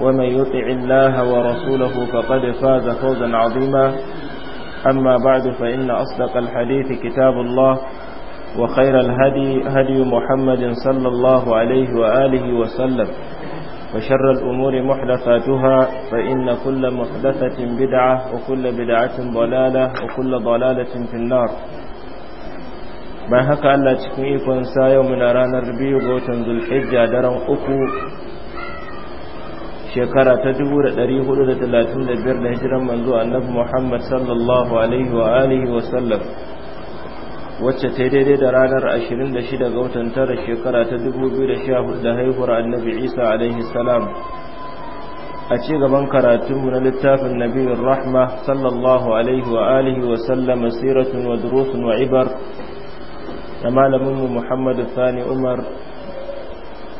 ومن يطع الله ورسوله فقد فاز فوزا عظيما أما بعد فإن أصدق الحديث كتاب الله وخير الهدي هدي محمد صلى الله عليه وآله وسلم وشر الأمور محدثاتها فإن كل محدثة بدعة وكل بدعة ضلالة وكل ضلالة في النار ما هكا ألا تكون إيقوان سايو من أران الربيع بوتن ذو الحجة درن أكو shekara ta 435 da hijiran manzo annabi Muhammad sallallahu alaihi wa alihi wa sallam wacce ta daidai da ranar 26 ga watan tara shekara ta 2014 da haihuwar annabi Isa alaihi salam a ci gaban karatunmu na littafin nabiyar rahma sallallahu alaihi wa alihi wa sallama siratun wa durusun wa ibar da malaminmu Muhammadu Sani Umar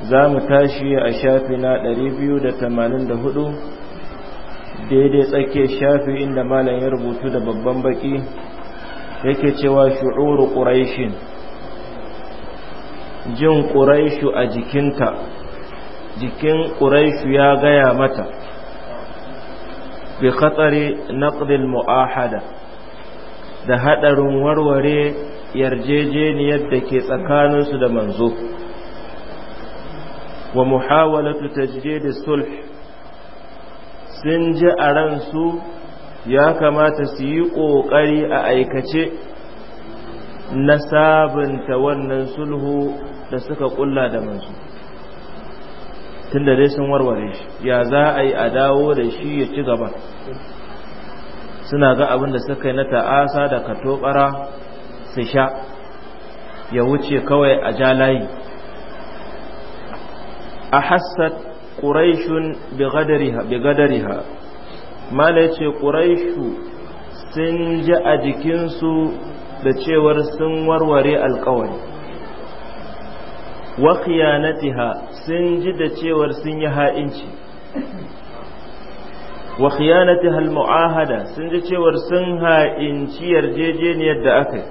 za mu tashi a shafi na 284 daidai tsakke shafi inda malam ya rubutu da babban baki yake cewa shu'uru ƙuraishin jin ƙuraishu a jikinta jikin ƙuraishu ya gaya mata bi khatsari naqdil mu'ahada da hadarin warware yarjejeniyar da ke tsakaninsu da manzo wa muhawalatu tajdid sulh sun ji a ransu ya kamata su yi ƙoƙari a aikace na sabunta wannan sulhu da suka ƙulla da mansu tunda dai sun warware shi ya za a yi a dawo da shi ya ci gaba suna ga abin da suka yi na ta'asa da katobara su sha ya wuce kawai a ja layi ahassat quraishun bighadariha bighadariha mala yace quraishu sun ji a jikinsu da cewar sun warware alƙawari wa khiyanatiha sun ji da cewar sun yi ha'inci wa khiyanatiha almu'ahada sun ji cewar sun ha'inci yarjejeniyar da aka yi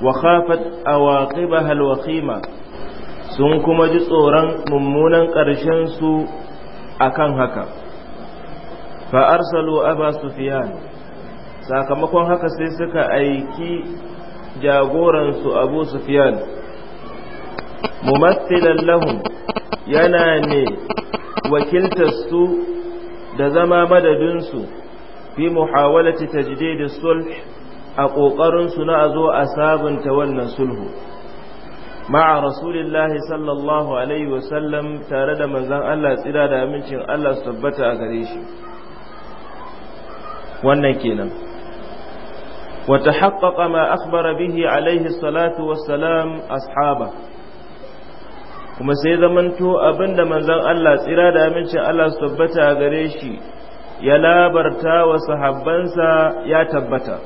wa khafat awaqibaha alwaqima sun kuma ji tsoron mummunan ƙarshen su akan haka fa arsalu aba sufyan sakamakon haka sai suka aiki jagoransu abu sufyan mumattilan lahum yana ne wakiltarsu da zama madadinsu fi muhawalati da sulh a ƙoƙarinsu na a zo a sabunta wannan sulhu ma'a rasulillahi sallallahu alaihi wasallam tare da manzan Allah tsira da amincin Allah su tabbata a gare shi wannan kenan wata haƙaƙa ma akhbara bihi salatu ashaba kuma sai zamanto abinda manzan Allah tsira da amincin Allah su tabbata a gare shi ya labarta wa sahabbansa ya tabbata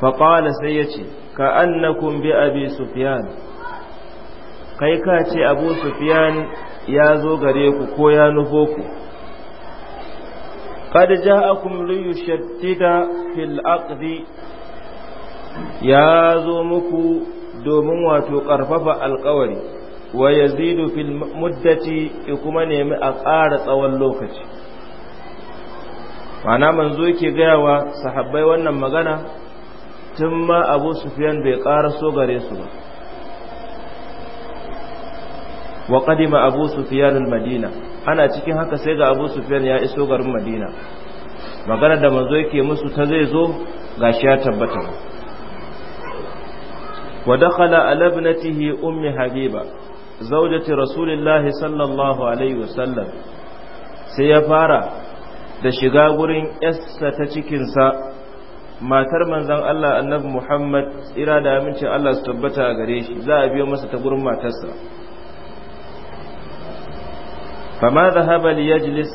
faƙala sai ya ce ka annakum bi abi sufyan kai ka ce abu sufyan ya zo gare ku ko ya nufo ku qad ja'akum li yushaddida fil aqdi ya zo muku domin wato karfafa alkawari wa yazidu fil muddati kuma nemi a ƙara tsawon lokaci mana manzo yake gaya wa sahabbai wannan magana tun ma abu sufiyan bai ƙara so gare su ba wa ƙadima abu Sufiyanin madina ana cikin haka sai ga abu sufiyan ya iso garin madina magana da manzo yake musu ta zai zo gashi ya tabbata wa dakhala ala ibnatihi ummi habiba zawjati rasulillahi sallallahu alaihi wasallam sai ya fara da shiga gurin yassa ta cikinsa matar manzan Allah annabi Muhammad tsira da amincin Allah su tabbata a gare shi za a biyo masa ta gurin matarsa fama zahaba li yajlis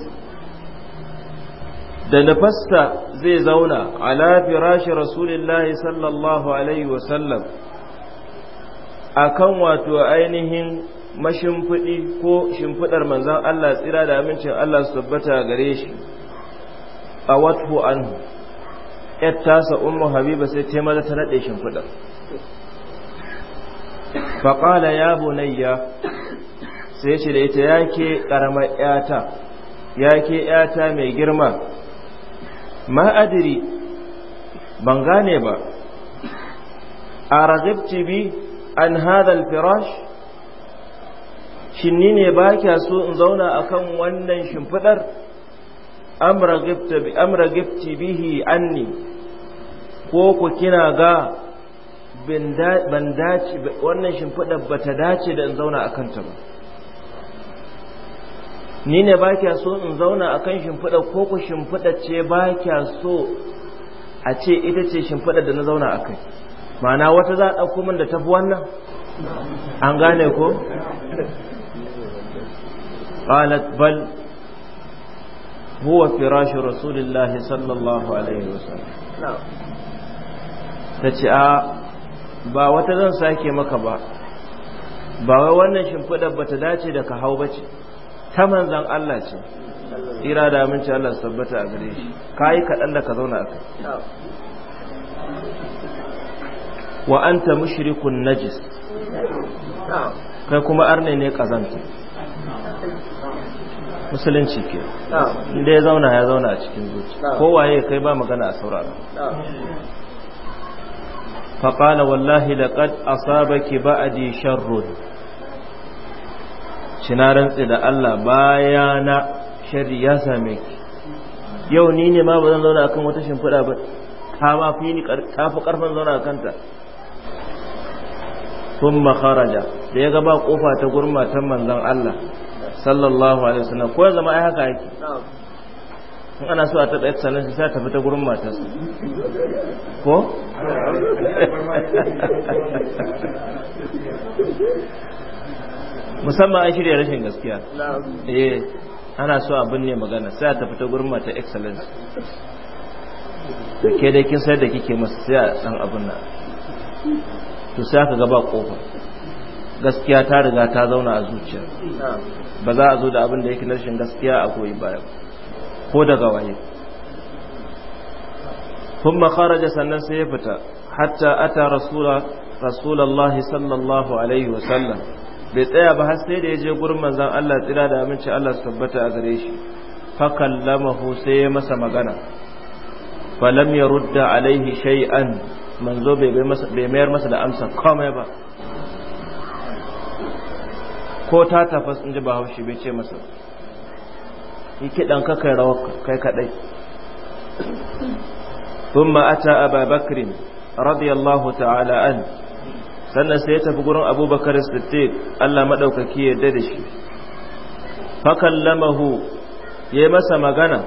da nafasta zai zauna ala firashi rasulillahi sallallahu alaihi wa sallam akan wato ainihin mashimfiɗi ko shimfiɗar manzan Allah tsira da amincin Allah su tabbata a gare shi a anhu yatta sa ummu habiba sai ta ta nade shimfidar fa ya bunayya sai ce da ita yake karamar yata yake yata mai girma Ma'adiri ban gane ba a ragibci bi an hadal firash shinni ne ba kya so in zauna akan wannan shimfidar am bihi anni ko ku kina ga ban wannan shimfiɗa ba ta dace da in zauna a kanta ba ni ne ba kya so in zauna a kan shimfiɗa ko ku shimfiɗa ce ba kya so a ce ita ce shimfiɗa da na zauna a kai ma'ana wata za a ɗauko min da tafi wannan an gane ko قالت bal huwa فراش رسول sallallahu alaihi الله ta ce a ba wata zan sake maka ba ba wai wannan shimfidar ba ta dace da ka hau ba ce ta manzan Allah ce tsira da aminci Allah su tabbata a gare shi ka yi kaɗan da ka zauna a kai wa an ta mushrikun najis kai kuma arne ne ƙazanta musulunci ke inda ya zauna ya zauna a cikin zuci kowaye kai ba magana a saurara فقال والله لقد أصابك بعدي شر شنارن إلى الله بايانا شر يسامك yau ni ne ma ba zan zauna akan wata shimfiɗa ba ta ma fi ni kafi karfin zauna a kanta sun makaraja da ya gaba kofa ta gurma ta manzan Allah sallallahu alaihi wasallam ko ya zama ai haka yake sun ana so a taɓa yadda sannan sai tafi ta gurin matarsa ko? musamman an shirya rashin gaskiya eh ana so abin ne magana sai a tafi ta gurin mata excellence da ke dai kin sayar da kike masu sai a san abin na to sai aka gaba ƙofa gaskiya ta riga ta zauna a zuciya ba za a zo da abin da yake na rashin gaskiya a koyi baya ba ko daga waye kuma kharaja sannan sai ya fita hatta ata rasula sallallahu alaihi wasallam bai tsaya ba har sai da ya je gurin zan Allah tsira da aminci Allah su tabbata a gare shi fa kallamahu sai ya masa magana falam yarudda alaihi shay'an manzo bai mayar masa da amsa komai ba ko ta tafas in ji bahaushe bai ce masa yi kiɗan ka kai rawa kai kaɗai thumma ata aba radiyallahu ta'ala an sannan sai ya tafi gurin abubakar siddiq Allah madaukaki ya da shi fakallamahu yayi masa magana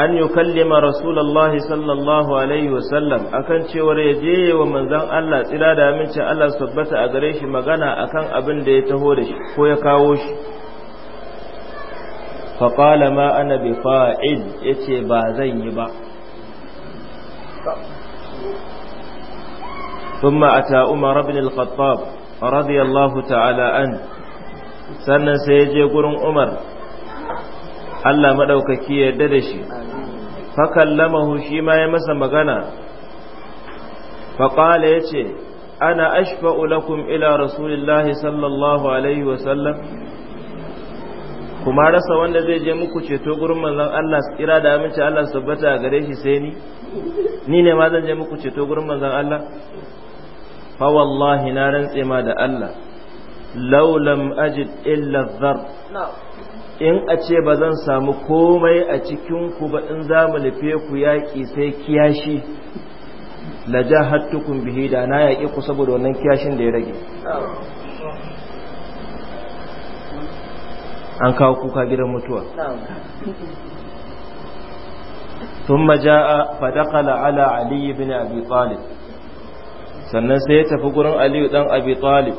an yi kallima rasulullahi sallallahu alaihi wasallam akan cewar ya je wa manzon Allah tsira da amincin Allah tabbata a gare shi magana akan abin da ya taho da shi ko ya kawo shi faƙala ma ana bi fa'il ya ce ba zan yi ba ثم أتى عمر rabin al رضي radiyallahu ta'ala an. sannan sai ya je gurin Umar Allah maɗaukaki yarda da shi fa shi ma ya masa magana fa ya yace ana ashfa'u lakum ila rasulillahi sallallahu alaihi wa sallam kuma rasa wanda zai je muku ceto gurin manzon Allah su kira da aminci Allah su a gare shi sai ni ni ne ma zan je muku ceto gurin manzon Allah fa wallahi na rantse ma da Allah law lam ajid illa dhar in a ce ba zan samu komai a cikin ku ba in za mu nufe ku yaƙi sai kiyashi la jahattukum bihi da na yaƙi ku saboda wannan kiyashin da ya rage an kawo kuka gidan mutuwa Tun maja'a فدخل على Aliyu بن ابي sannan sai ya tafi gurin Aliyu dan Abi Talib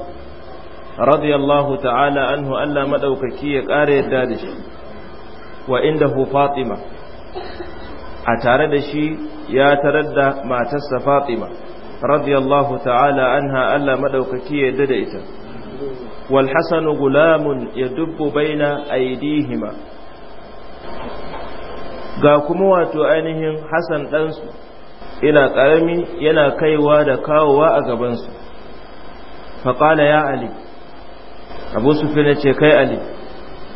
radiyallahu ta'ala anhu Allah maɗaukaki ya ƙara yadda da shi wa indahu Fatima a tare da shi ya tarar da matarsa Fatima radiyallahu ta'ala anha Allah maɗaukaki ya yadda da ita والحسن غلام يدب بين أيديهما ga kuma wato ainihin Hassan ɗansu ina ƙarami yana kaiwa da kawowa a gabansu faƙala ya Ali abu sufina ce kai Ali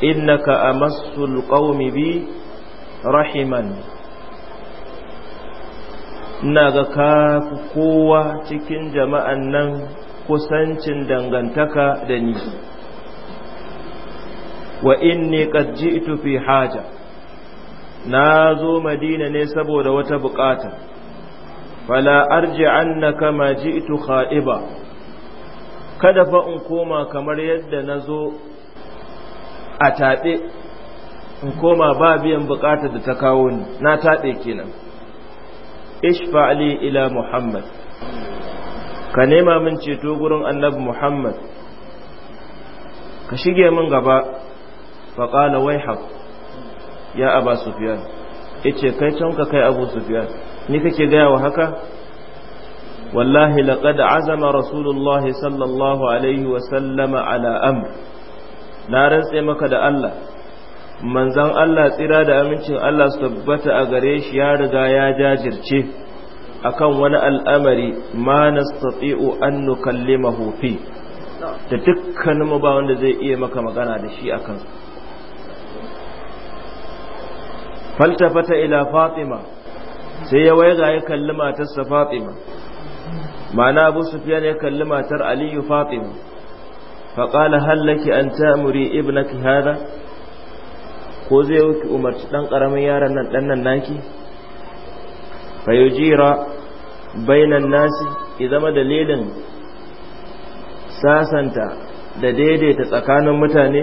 innaka amassul qaumi bi rahiman ina ga kafi kowa cikin jama'an nan kusancin dangantaka da ni wa inni qad ji'tu fi haja na zo madina ne saboda wata bukata fala arji'annaka ma ji'tu kha'iba kada fa in koma kamar yadda na zo a taɓe in koma ba biyan bukatar da ta kawo ni na taɓe kenan Ali ila muhammad ka nema min ceto gurin annabi muhammad ka shige min gaba faƙala wai haƙ ya aba sufiyan ice kai can ka kai abu sufiyar. ni kake gaya wa haka wallahi laqad azama rasulullahi sallallahu alaihi wa sallama ala am na rantse maka da Allah manzan Allah tsira da amincin Allah su tabbata a gare shi ya riga ya jajirce akan wani al'amari ma nastati'u an nukallimahu fi da dukkaninmu ba wanda zai iya maka magana da shi akan faltafata ila fatima sai ya waiga ya kalli matarsa fatima ma'ana abu sufyan ya kalli matar aliyu fatima faƙala hallaki an tamuri ibna hada ko zai wuki umarci ɗan ƙaramin yaran nan ɗan nan naki fayujira bainan nasi ya zama dalilin sasanta da daidaita tsakanin mutane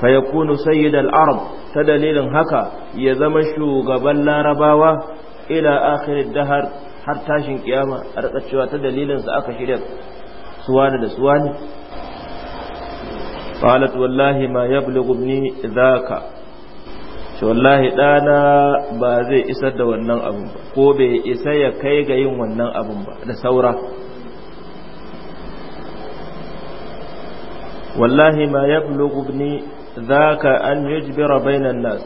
fayakunu sayyid al-arab ta dalilin haka ya zama shugaban larabawa ila akhirid dahar har tashin kiyama a rika ta dalilin sa aka shirya suwani da suwani qalat wallahi ma yablughu ibni dhaka shi wallahi ɗana ba zai isar da wannan abin ba ko bai isa ya kai ga yin wannan abin ba da saura wallahi ma ya za zaka an yujbira bainan nas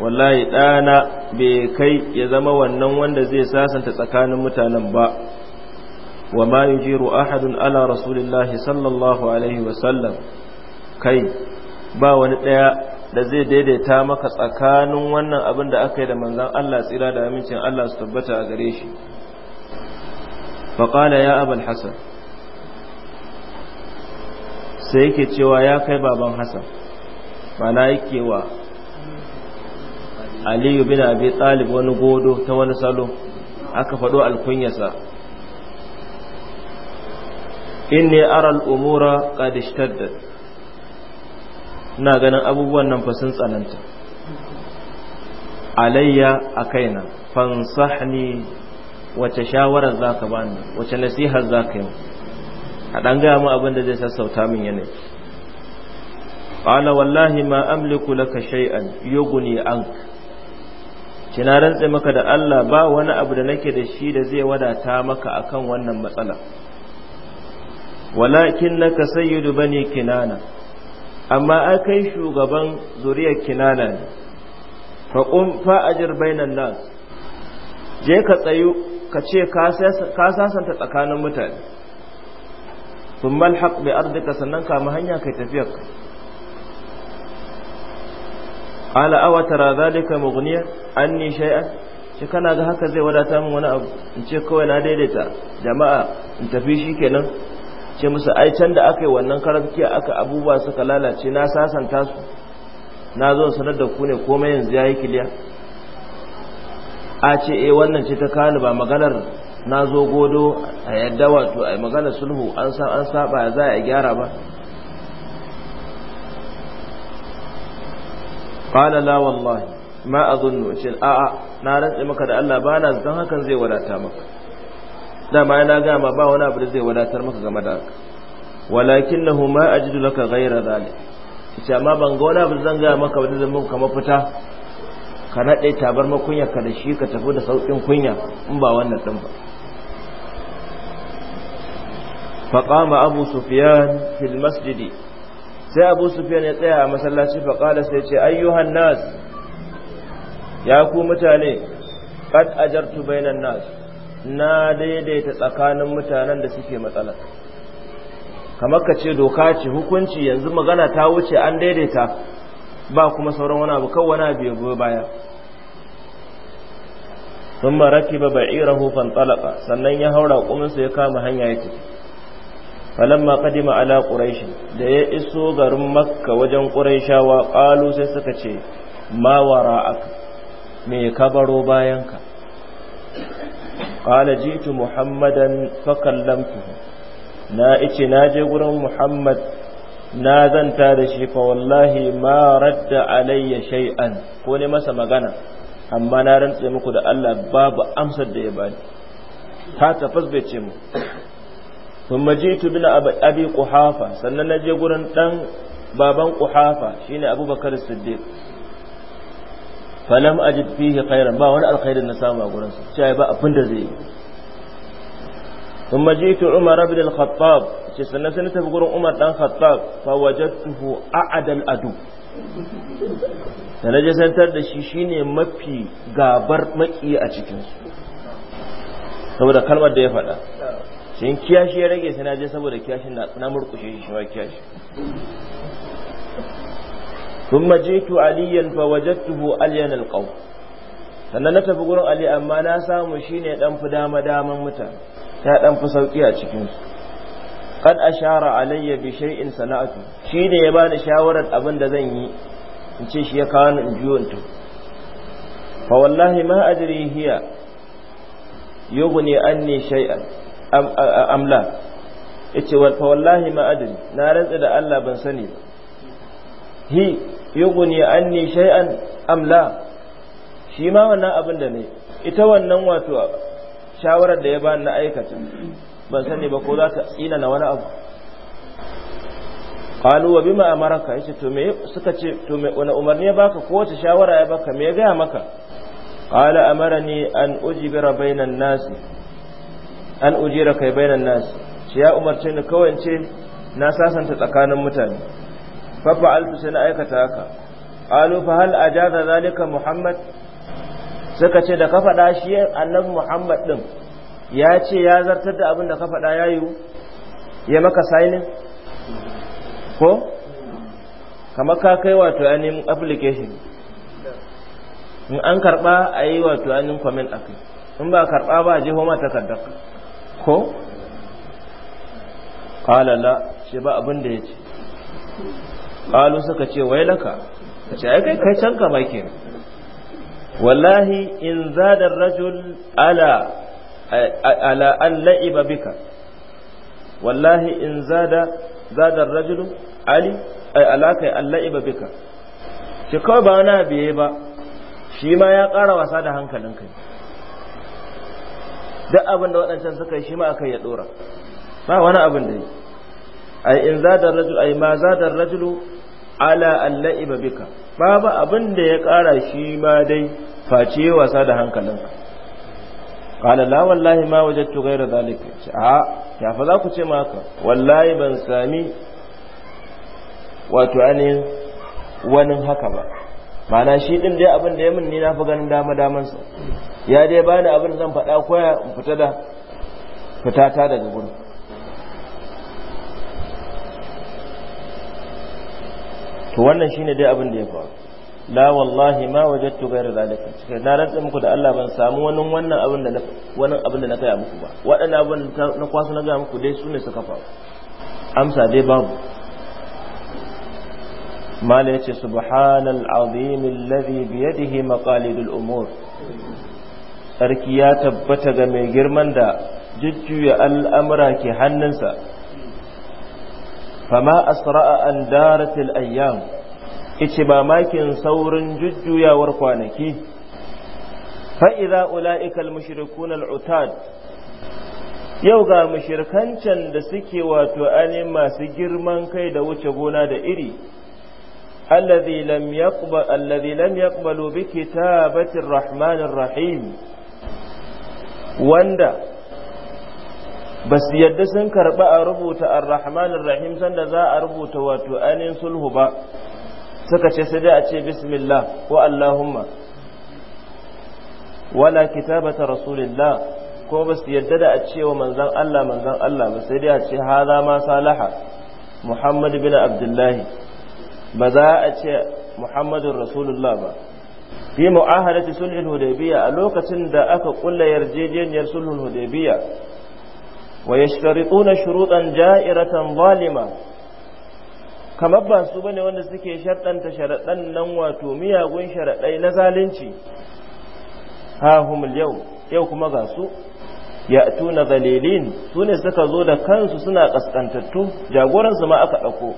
wallahi ɗana bai kai ya zama wannan wanda zai sasanta tsakanin mutanen ba wa ma yujiru ahadun ala rasulillahi sallallahu alaihi wasallam kai ba wani ɗaya da zai daidaita maka tsakanin wannan abin da aka yi da manzan Allah tsira da amincin Allah su tabbata a gare shi faƙala ya abin hasan sai yake cewa ya kai baban hasan mana yake wa aliyu bin abi talib wani godo ta wani salo aka faɗo alkunyasa ne aral umura ƙadishtar da ina ganin abubuwan nan fa sun tsananta alayya a kaina fansahni wace shawarar za ka bani wace nasihar za ka yi a ɗan gaya mu abin da zai sassauta min yanayi ƙala wallahi ma amliku laka shay'an yuguni anka na rantse maka da Allah ba wani abu da nake da shi da zai wadata maka akan wannan matsala walakin naka sayyidu bani kinana amma ai kai shugaban zuriyar kinana ne faƙun fa'ajir bainan nas je ka tsayu ka ce ka sasanta tsakanin mutane sun malhaq bai arzika sannan kama hanya kai tafiyar ka ala awa tara zalika mughniya anni shay'an shi kana ga haka zai wadata min wani abu in ce kawai na daidaita jama'a in tafi shi kenan. ce musu ai can da aka yi wannan karafkiya aka abubuwa suka lalace na sasanta su na zo sanar da ku ne komai yanzu ya yi kiliya a ce eh wannan ce ta kani ba maganar na zo godo a yadda wato a maganar sulhu an sa an za a gyara ba qala la wallahi ma azunnu shin a'a na rantse maka da Allah bana zan hakan zai wadata maka dama yana ma ba wani abu da zai wadatar maka game da haka walakin na huma a jidu laka gaira zalik ita ma ban ga wani abu zan gaya maka wani zan muku kama fita ka naɗe tabar makunya ka da shi ka tafi da sauƙin kunya in ba wannan ɗin ba faƙama abu sufiyan fil masjidi sai abu sufiyan ya tsaya a masallaci faƙala sai ce ayyuhan nas ya ku mutane kad ajartu bainan nas na daidaita tsakanin mutanen da suke matsala kamar ka ce doka ce hukunci yanzu magana ta wuce an daidaita ba kuma sauran wani abu kawai wani abu ya goyi baya sun raki ba ba'irahu fantalaka sannan ya haura kuminsa ya kama hanya ya tafi ma kadima ala quraish da ya iso garin makka wajen quraishawa ƙalu sai suka ce mawara aka me ka baro bayanka qala jitu muhammadan fa kallamtuhu na ice na je gurin muhammad na zanta da shi fa wallahi ma radda alayya shay'an ko ne masa magana amma na rantse muku da Allah babu amsar da ya bani ta tafas bai ce mu thumma jitu bin abi quhafa sannan na je gurin dan baban quhafa shine abubakar siddiq falam ajid fihi khairan ba wani alkhairin na samu a gurin su sai ba abin da zai ثم جئت عمر بن الخطاب ce sannan sai tafi gurin Umar dan Khattab fa wajadtuhu a'adal adu sanaje santar da shi shine mafi gabar maki a cikin su saboda kalmar da ya faɗa shin kiyashi ya rage sanaje je saboda kiyashin na murkushe shi shi kiyashi ثم جئت عليا فوجدته ألين القوم sannan na tafi gurin Ali amma na samu shi ne ɗan fi dama daman mutane ta ɗan fi sauƙi a cikin su qad ashara alayya bi shay'in sana'atu ne ya bani shawarar abin da zan yi in ce shi ya kawo ni in juyo in fa wallahi ma adri hiya yughni anni shay'an Amla. la yace fa wallahi ma adri na rantsa da Allah ban sani ba hi yughni anni shay'an am shi ma wannan abin da ne ita wannan wato shawarar da ya ba na aikata ban sani ba ko za ta tsina na wani abu qalu wa bima amaraka yace to me suka ce to me wani umarni ya baka ko wace shawara ya baka me ya ga maka qala amarani an ujibira bainan nas an ujira kai bainan nas shi ya umarce ni kawai na sasanta tsakanin mutane fa fa'altu sai na aikata haka qalu fa hal ajaza zalika muhammad suka ce da ka faɗa shi annabi muhammad din ya ce ya zartar da abin da ka faɗa ya yiwu ya maka sainin ko kamar ka kai wato ainihin application in an karɓa a yi wato ainihin comment a kai in ba karɓa ba a je homa takardar ko ƙalala shi ba abin da ya ce qalu suka ce wai laka ce ai kai kai can kama ke wallahi in da rajul ala ala an la'iba bika wallahi in zada rajul ali ai alaka an la'iba bika ce kawai ba na biye ba shi ma ya ƙara wasa da hankalin kai duk abin da waɗancan suka yi shi ma aka ya ɗora ba wani abin da yi ay in zada rajul ay ma zada rajulu ala alla'iba bika babu abin da ya kara shi ma dai face wasa da hankalinka qala la wallahi ma wajadtu ghayra dhalika a ya fa za ku ce maka wallahi ban sami wato ani wani haka ba mana shi din dai abin da ya min ni na fi ganin dama damansa ya dai bani abin zan faɗa koya in fita da fitata daga gurin to wannan shine dai abin da ya faru la wallahi ma wajadtu ghayra zalika sai na rantsa muku da Allah ban samu wani wannan abin da wani abin da na kai muku ba waɗannan abin da na kwasu na ga muku dai sune suka faru amsa dai babu mala yace subhanal azim alladhi bi yadihi maqalidul umur sarki ya tabbata ga mai girman da jujjuya al'amura ke hannunsa fama asra'a an daratil ayyam ice ba makin saurin jujjuyawar kwanaki fa'iza ula'ikal mashirikun utad yau ga mashirkancan da suke wato ainihin masu girman kai da wuce gona da iri الذي لم يقبل الذي لم يقبل بكتابة الرحمن الرحيم وندا ba su yadda sun karɓi a rubuta arrahmanin rahim sanda za a rubuta wato ainihin sulhu ba suka ce sai dai a ce bismillah ko allahumma wala kitabata rasulillah ko ba su yadda da a ce wa manzan Allah manzan Allah ba sai dai a ce hada ma salaha muhammad bin abdullahi ba za a ce muhammadun rasulullah ba fi mu'ahadati sulhul hudaybiyya a lokacin da aka kulla yarjejeniyar sulhul hudaybiyya na شروطا ja'iratan zalima kamar ba su bane wanda suke sharɗanta sharaɗan nan wato miyagun sharaɗai na zalunci ha humul yau yau kuma ga su ya zalilin sune suka zo da kansu suna ƙasƙantattu jagoransu ma aka ɗauko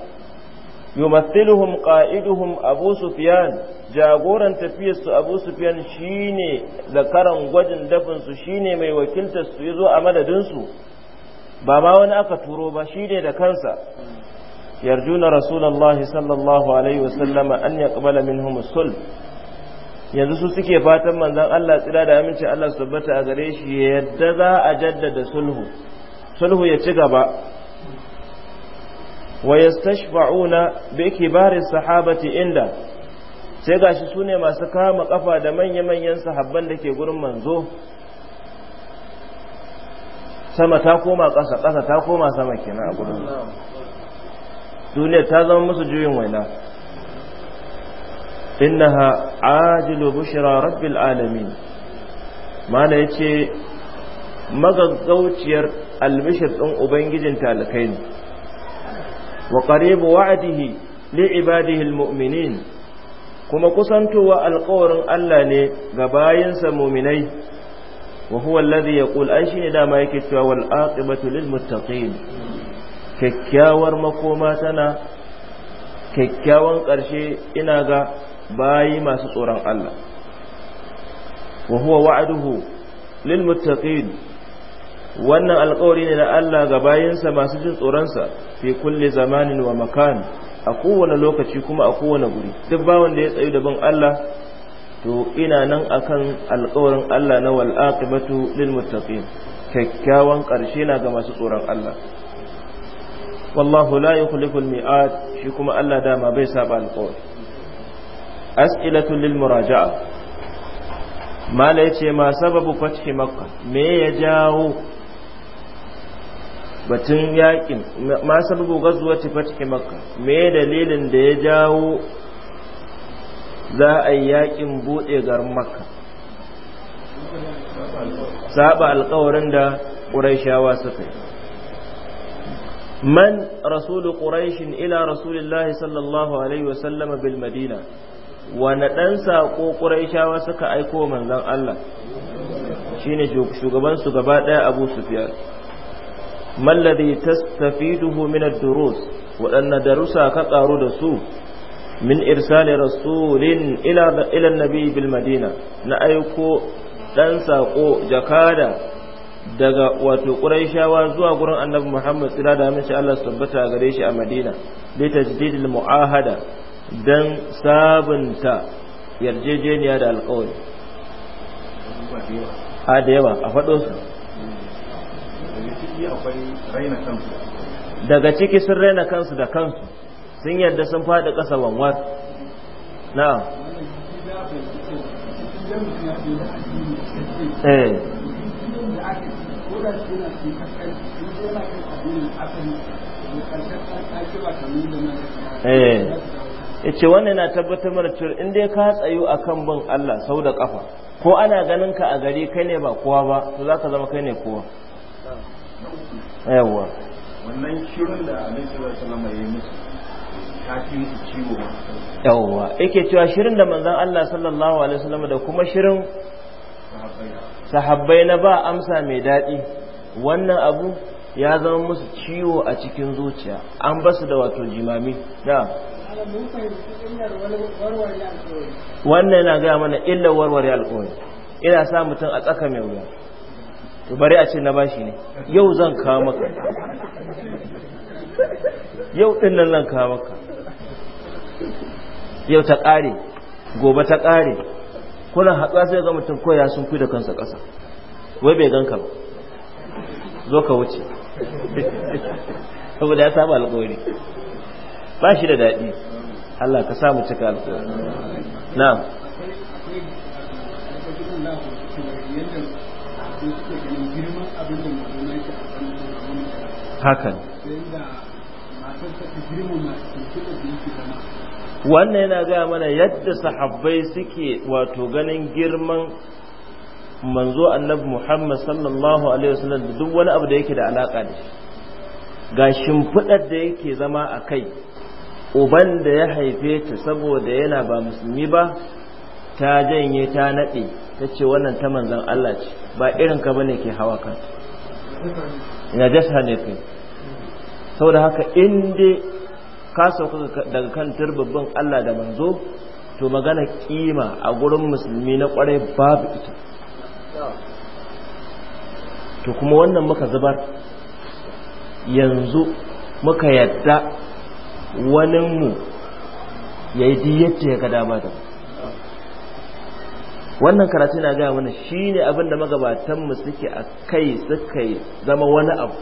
yumathiluhum qa'iduhum abu sufyan jagoran tafiyar su abu sufyan shine zakaran gwajin dafin su shine mai wakiltar su yazo a madadin su ba ma wani aka turo ba shi ne da kansa yarjuna rasulullahi sallallahu alaihi wasallama an yaqbala minhum sulh yanzu su suke fatan manzon Allah tsira da aminci Allah su tabbata a gare shi yadda za a jaddada sulhu sulhu ya ci gaba wa yastashfa'una bi kibari sahabati inda sai gashi sune masu kama kafa da manya-manyan sahabban da ke gurin manzo sama ta koma ƙasa ƙasa ta koma sama kenan a gudun duniya ta zama musu juyin waina innaha ajilu bushra rabbil alamin mana yace magaggauciyar albishir din ubangijin talakai ne wa qaribu wa'dihi li ibadihi almu'minin kuma kusantowa alƙawarin Allah ne ga bayansa muminai wa huwa alladhi yaqul ai shine dama yake cewa wal aqibatu lil muttaqin kyakkyawar makoma tana kyakkyawan ƙarshe ina ga bayi masu tsoron Allah wa huwa wa'aduhu lil muttaqin wannan alƙawari ne na Allah ga bayansa masu jin tsoronsa fi kulle zamanin wa makan a kowane lokaci kuma a kowane guri duk bawon da ya tsayu da bin Allah to ina nan akan alƙawarin Allah na wal aqibatu lil muttaqin kyakkyawan ƙarshe na ga masu tsoron Allah wallahu la yukhlifu al mi'ad shi kuma Allah dama bai saba alƙawari as'ilatu lil muraja'a mala yace ma sababu fathi makkah me ya jawo batun yakin ma sababu gazuwa fathi makkah me dalilin da ya jawo za a yi yakin buɗe garin makka saba alkawarin da ƙuraishawa suka yi man rasulu ƙuraishin ila rasulillahi sallallahu alaihi wasallama bil madina wane ɗan saƙo ƙuraishawa suka aiko manzan Allah shine shugabansu gaba ɗaya abu sufiyar malladi ta tafi duhu minar durus waɗanne darussa ka ƙaru da su min irsali rasulin ila nabi bil madina na aiko ɗan saƙo jakada daga wato quraishawa zuwa gurin annabi muhammad tsira da mace Allah tabbata gare shi a madina li tajdidil muahada dan sabunta yarjejeniya da alƙawari a da yawa a faɗo su daga ciki sun raina kansu da kansu sun yadda sun faɗi ƙasa wanwar na ya eh. ce eh. yace wannan na tabbatar mana inda ya dai ka tsayu akan bin Allah sau da kafa ko ana ganin ka a gari kai ne ba kowa ba to ka zama kai ne kowa yawa wannan shirin da Annabi sallallahu alaihi wasallam ya yi musu yawwa yake cewa shirin da manzan Allah sallallahu alaihi wasallam da kuma shirin sahabbai na ba amsa mai daɗi wannan abu ya zama musu ciwo a cikin zuciya an basu da wato jimami da. wannan yana gaya mana illar warware alƙawari ina sa mutum a tsaka mai wuya to bari a ce na bashi ne yau zan kawo maka yau ɗin nan zan kawo maka yau ta ƙare gobe ta ƙare kuna haɗuwa sai ga mutum koya sun fi da kansa ƙasa wai bai ganka ba zo ka wuce saboda ya saba alƙawari ba shi da daɗi Allah ka samu cika alƙawari na'am hakan wannan yana gaya mana yadda sahabbai suke wato ganin girman manzo annabi Muhammad sallallahu alaihi wasallam da duk wani abu da yake da alaka da shi ga shimfidar da yake zama a kai uban da ya haife ta saboda yana ba musulmi ba ta janye ta naɗe ta ce wannan ta manzan Allah ce ba irin ka bane ke hawa kan ina jasa ne kai saboda haka in ka sauka daga kan turbabin Allah da manzo to magana kima a gurin musulmi na kwarai babu ita to kuma wannan muka zubar yanzu muka yadda waninmu ya yi yadda ya ga dama da wannan karatu na gaya mana shi ne abinda magabatanmu suke a kai suka zama wani abu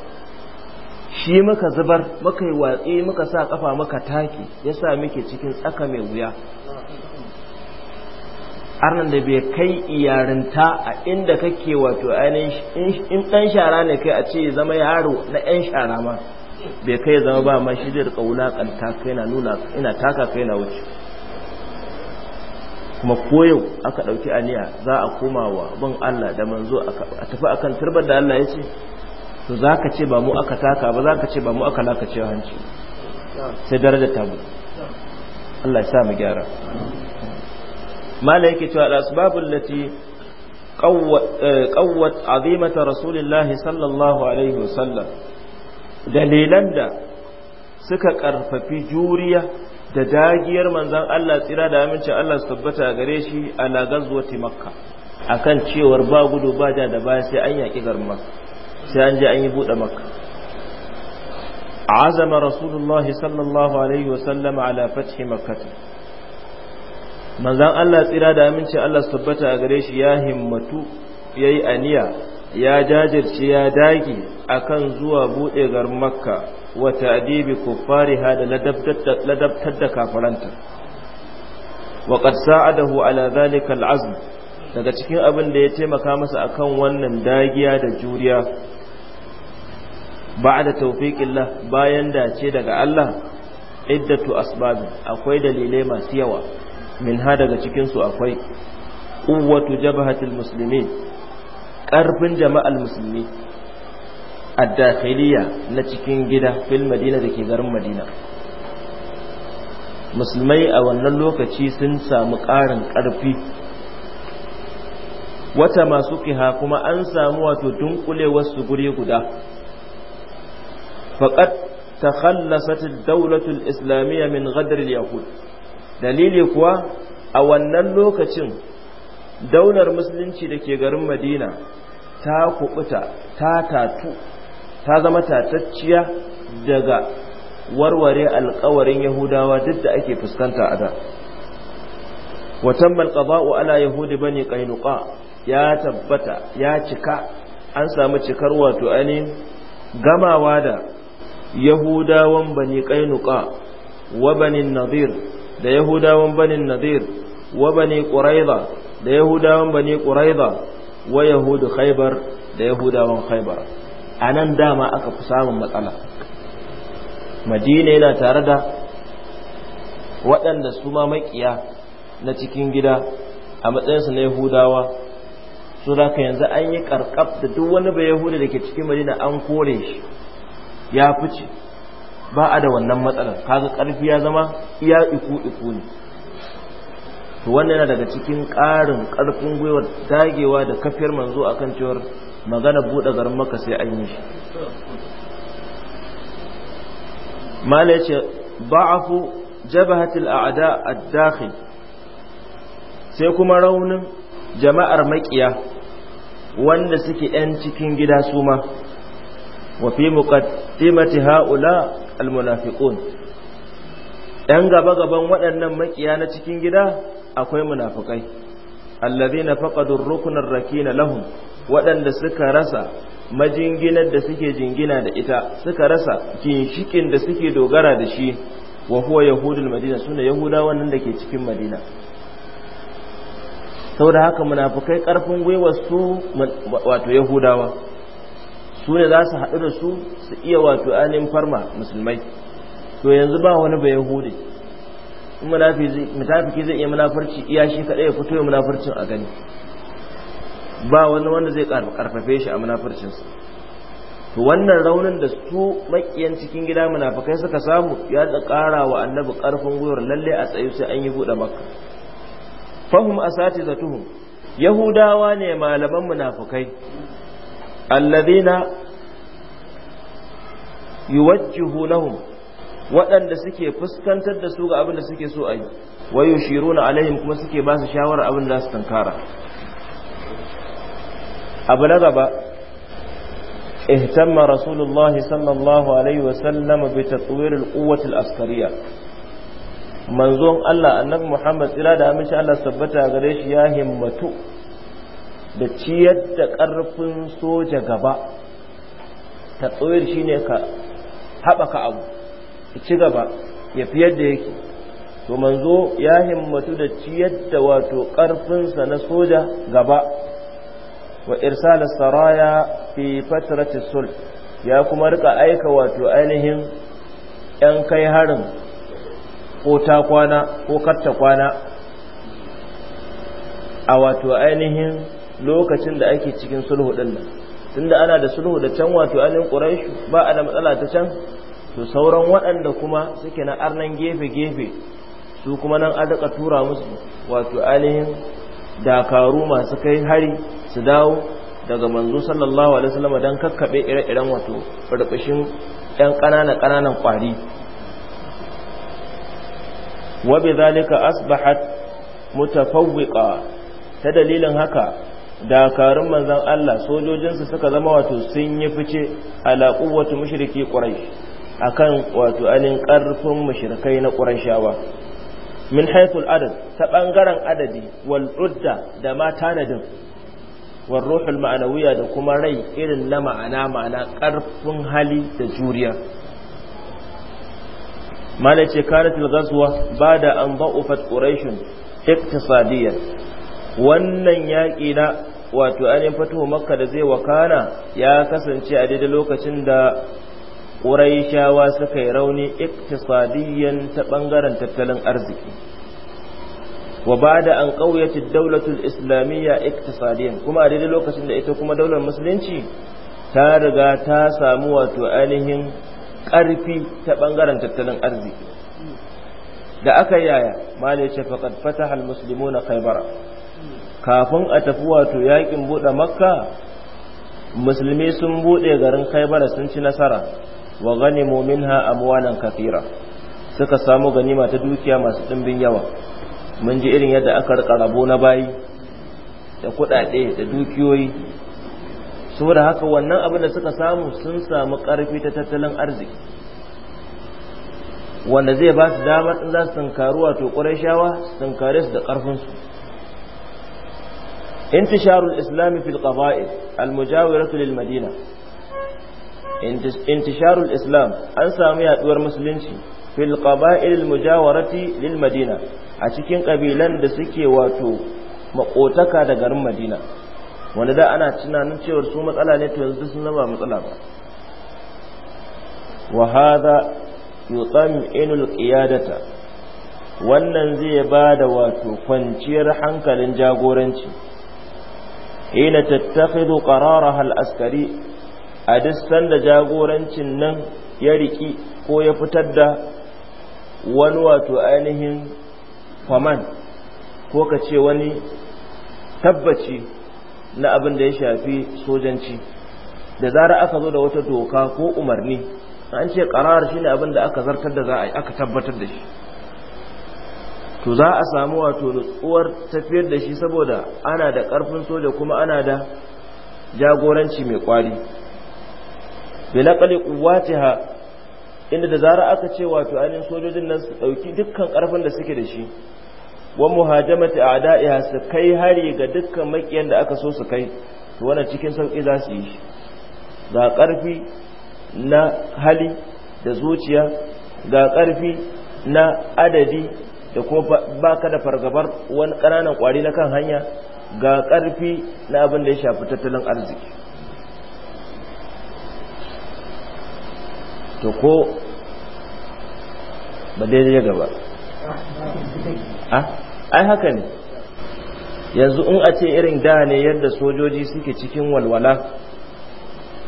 shi muka zubar muka yi watsi muka sa kafa muka taki ya sa muke cikin tsaka mai wuya arnan da bai kai iyarinta a inda kake wato ainihin in ɗan shara ne kai a ce zama yaro na yan shara ma bai kai zama ba ma shi zai kaula wulaƙanta kai na nuna ina taka kai na wuce kuma koyau aka ɗauki aniya za a koma wa bin Allah da manzo a tafi akan turbar da Allah ya ce to za ka ce ba mu aka taka ba za ka ce ba mu aka lakace hanci sai darajar tabu Allah ya sa mu gyara malaiki cewa da asbabul lati eh, qawwat azimata rasulullah sallallahu alaihi wasallam dalilan da suka karfafi juriya da dagiyar manzan Allah tsira da aminci Allah su tabbata gare shi ala gazwati makka akan cewar ba gudu ba da baya sai an yaki garmar sai an je an yi buɗe A azama rasulullahi sallallahu alaihi wasallam ala fathi makkata manzan Allah tsira da aminci Allah tabbata a gare shi ya himmatu ya yi aniya ya jajirce ya dage akan zuwa buɗe garin makka wata adibi fariha da ladabtar da kafaranta وقد ساعده على ذلك العزم daga cikin abin da ya taimaka masa akan wannan dagiya da juriya ba da taufiƙillah bayan dace daga Allah iddatu asbabin akwai dalilai masu yawa min ha daga cikinsu akwai ƙuwatu jabhatul musulmi ƙarfin jama'ar musulmi A addakhiliya na cikin gida fil madina da ke garin madina musulmai a wannan lokaci sun samu ƙarin ƙarfi wata masu ƙiha kuma an samu wato dunkulewar su guri guda takhallasat ta dawlatu daulatul islamiyya min al yahud dalili kuwa a wannan lokacin daular musulunci da ke garin madina ta kubuta ta tatu ta zama tatacciya daga warware alƙawarin yahudawa duk da ake fuskanta a da watan qadau ala yahudi bane qainuqa ya tabbata ya cika an samu cikar wato ani gamawa da yahudawan bani kainuka wa bani nadir da yahudawan bani nadir wa bani quraiza da yahudawan bani quraiza wa yahud khaybar da yahudawan khaybar anan dama aka fi samun matsala madina yana tare da waɗanda su ma makiya na cikin gida a matsayinsu na yahudawa za ka yanzu an yi karkaf da duk wani bai hudu da ke cikin madina an kore shi ya fice ba a da wannan matsalar kaga karfi ya zama iya iku iku ne to wannan yana daga cikin ƙarin ƙarfin gwiwar dagewa da kafiyar manzo kan cewar magana buɗe garin maka sai an yi shi mala yace ba'afu jabhatil a'da ad sai kuma raunin jama'ar maƙiya wanda suke ‘yan cikin gida su ma, wafi muƙaddimati ha'ula almunafiqun ‘yan gaba-gaban waɗannan makiya na cikin gida akwai munafukai, allazina na faƙadun rukunan rakina lahum waɗanda suka rasa majinginar da suke jingina da ita, suka rasa ginshikin da suke dogara da shi, wa huwa Yahudul Madina suna Yahudawa nan da ke cikin Madina. saboda haka munafukai karfin gwiwar su wato yahudawa su ne za su haɗu da su su iya wato ainihin farma musulmai to yanzu ba wani ba yahudi munafiki zai iya munafarci iya shi kaɗai ya fito ya munafarcin a gani ba wani wanda zai karfafe shi a munafarcinsa to wannan raunin da su makiyan cikin gida munafukai suka samu ya ƙara wa annabi ƙarfin gwiwar lalle a tsaye sai an yi buɗe makka fahum asatizatuhum yahudawa ne malaman munafukai alladhina yuwajjihu lahum waɗanda suke fuskantar da su ga abin da suke so a yi wa yushiruna alayhim kuma suke ba su abin da za su tankara abu na gaba ihtamma rasulullahi sallallahu alaihi wa sallam bi tatwir al askariya. manzon Allah annabi Muhammad tsira da amince Allah sabbata gare shi ya himmatu da ciyar da ƙarfin soja gaba ta tsoyar shi ne ka haɓaka abu ci gaba ya fi yadda yake to manzo ya himmatu da ciyar da wato ƙarfinsa na soja gaba wa irsala saraya fi fatrati sulh ya kuma rika aika wato ainihin 'yan kai harin ko ta kwana ko katta kwana a wato ainihin lokacin da ake cikin sulhu din nan tunda ana da sulhu da can wato ainihin quraish ba a da matsala ta can to sauran waɗanda kuma suke na arnan gefe gefe su kuma nan an daka tura musu wato ainihin dakaru masu kai hari su dawo daga manzo sallallahu alaihi wasallam dan kakkabe ire-iren wato barbashin ɗan ƙanana ƙananan ƙwari wa bidhalika asbahat mutafawwiqa ta dalilin haka dakarun manzon Allah sojojinsu suka zama wato sun yi fice ala quwwati mushriki quraish akan wato alin karfin mushrikai na qurayshawa min haythul adad ta ɓangaren adadi wal udda da ma tanadin wal ruhul ma'anawiyya da kuma rai irin na ma'ana ma'ana karfin hali da juriya mala ce karatul ba da an ba'ufat quraish iktisadiyan wannan yaƙi na wato ainihin fatuhu makka da zai wakana ya kasance a daidai lokacin da ƙuraishawa suka yi rauni iktisadiyyan ta bangaren tattalin arziki wa ba da an ƙauyaci daulatul islamiyya iktisadiyyan kuma a daidai lokacin da ita kuma daular musulunci ta riga ta samu wato ainihin ƙarfi ta ɓangaren tattalin arziki da aka yaya ne ce hal musulmi na kaibara kafin a tafi wato yaƙin buɗe makka musulmi sun buɗe garin kaibara sun ci nasara wa gani ganimu minha muwanan kafira. suka samu ganima ta dukiya masu ɗimbin yawa mun ji irin yadda aka rika rabo na bayi da kuɗaɗe da dukiyoyi saboda haka wannan abin da suka samu sun samu ƙarfi ta tattalin arziki wanda zai ba su damar in za su to wato ƙurashawa su tunkare su da ƙarfinsu intisharul islami fil qaba'id al mujawiratu lil madina intisharul islam an samu yaduwar musulunci fil qaba'il al mujawarati lil madina a cikin kabilan da suke wato makotaka da garin madina wanda da ana tunanin cewar su matsala ne to yanzu sun zama matsala ba wa hada yutam inul qiyadata wannan zai ba da wato kwanciyar hankalin jagoranci ina tattakhidu qararaha al-askari a distan da jagorancin nan ya riki ko ya fitar da wani wato ainihin kwaman ko ka ce wani tabbaci na abin da ya shafi sojanci da zara aka zo da wata doka ko umarni an ce karar shine abin da aka zartar da za a aka tabbatar da shi to za a samu wato nutsuwar tafiyar da shi saboda ana da karfin soja kuma ana da jagoranci mai kwari bilaqali quwwatiha inda da zara aka ce wato ainihin sojojin nan su dauki dukkan karfin da suke da shi wa muhajamati a'da'iha su kai hari ga dukkan makiyan da aka so su kai to wannan cikin sauki za su yi ga karfi na hali da zuciya ga karfi na adadi da kuma baka da fargabar wani ƙananan kwari na kan hanya ga ƙarfi na abin da ya shafi tattalin arziki to ko ba daidai gaba ai haka ne yanzu in a ce irin da ne yadda sojoji suke cikin walwala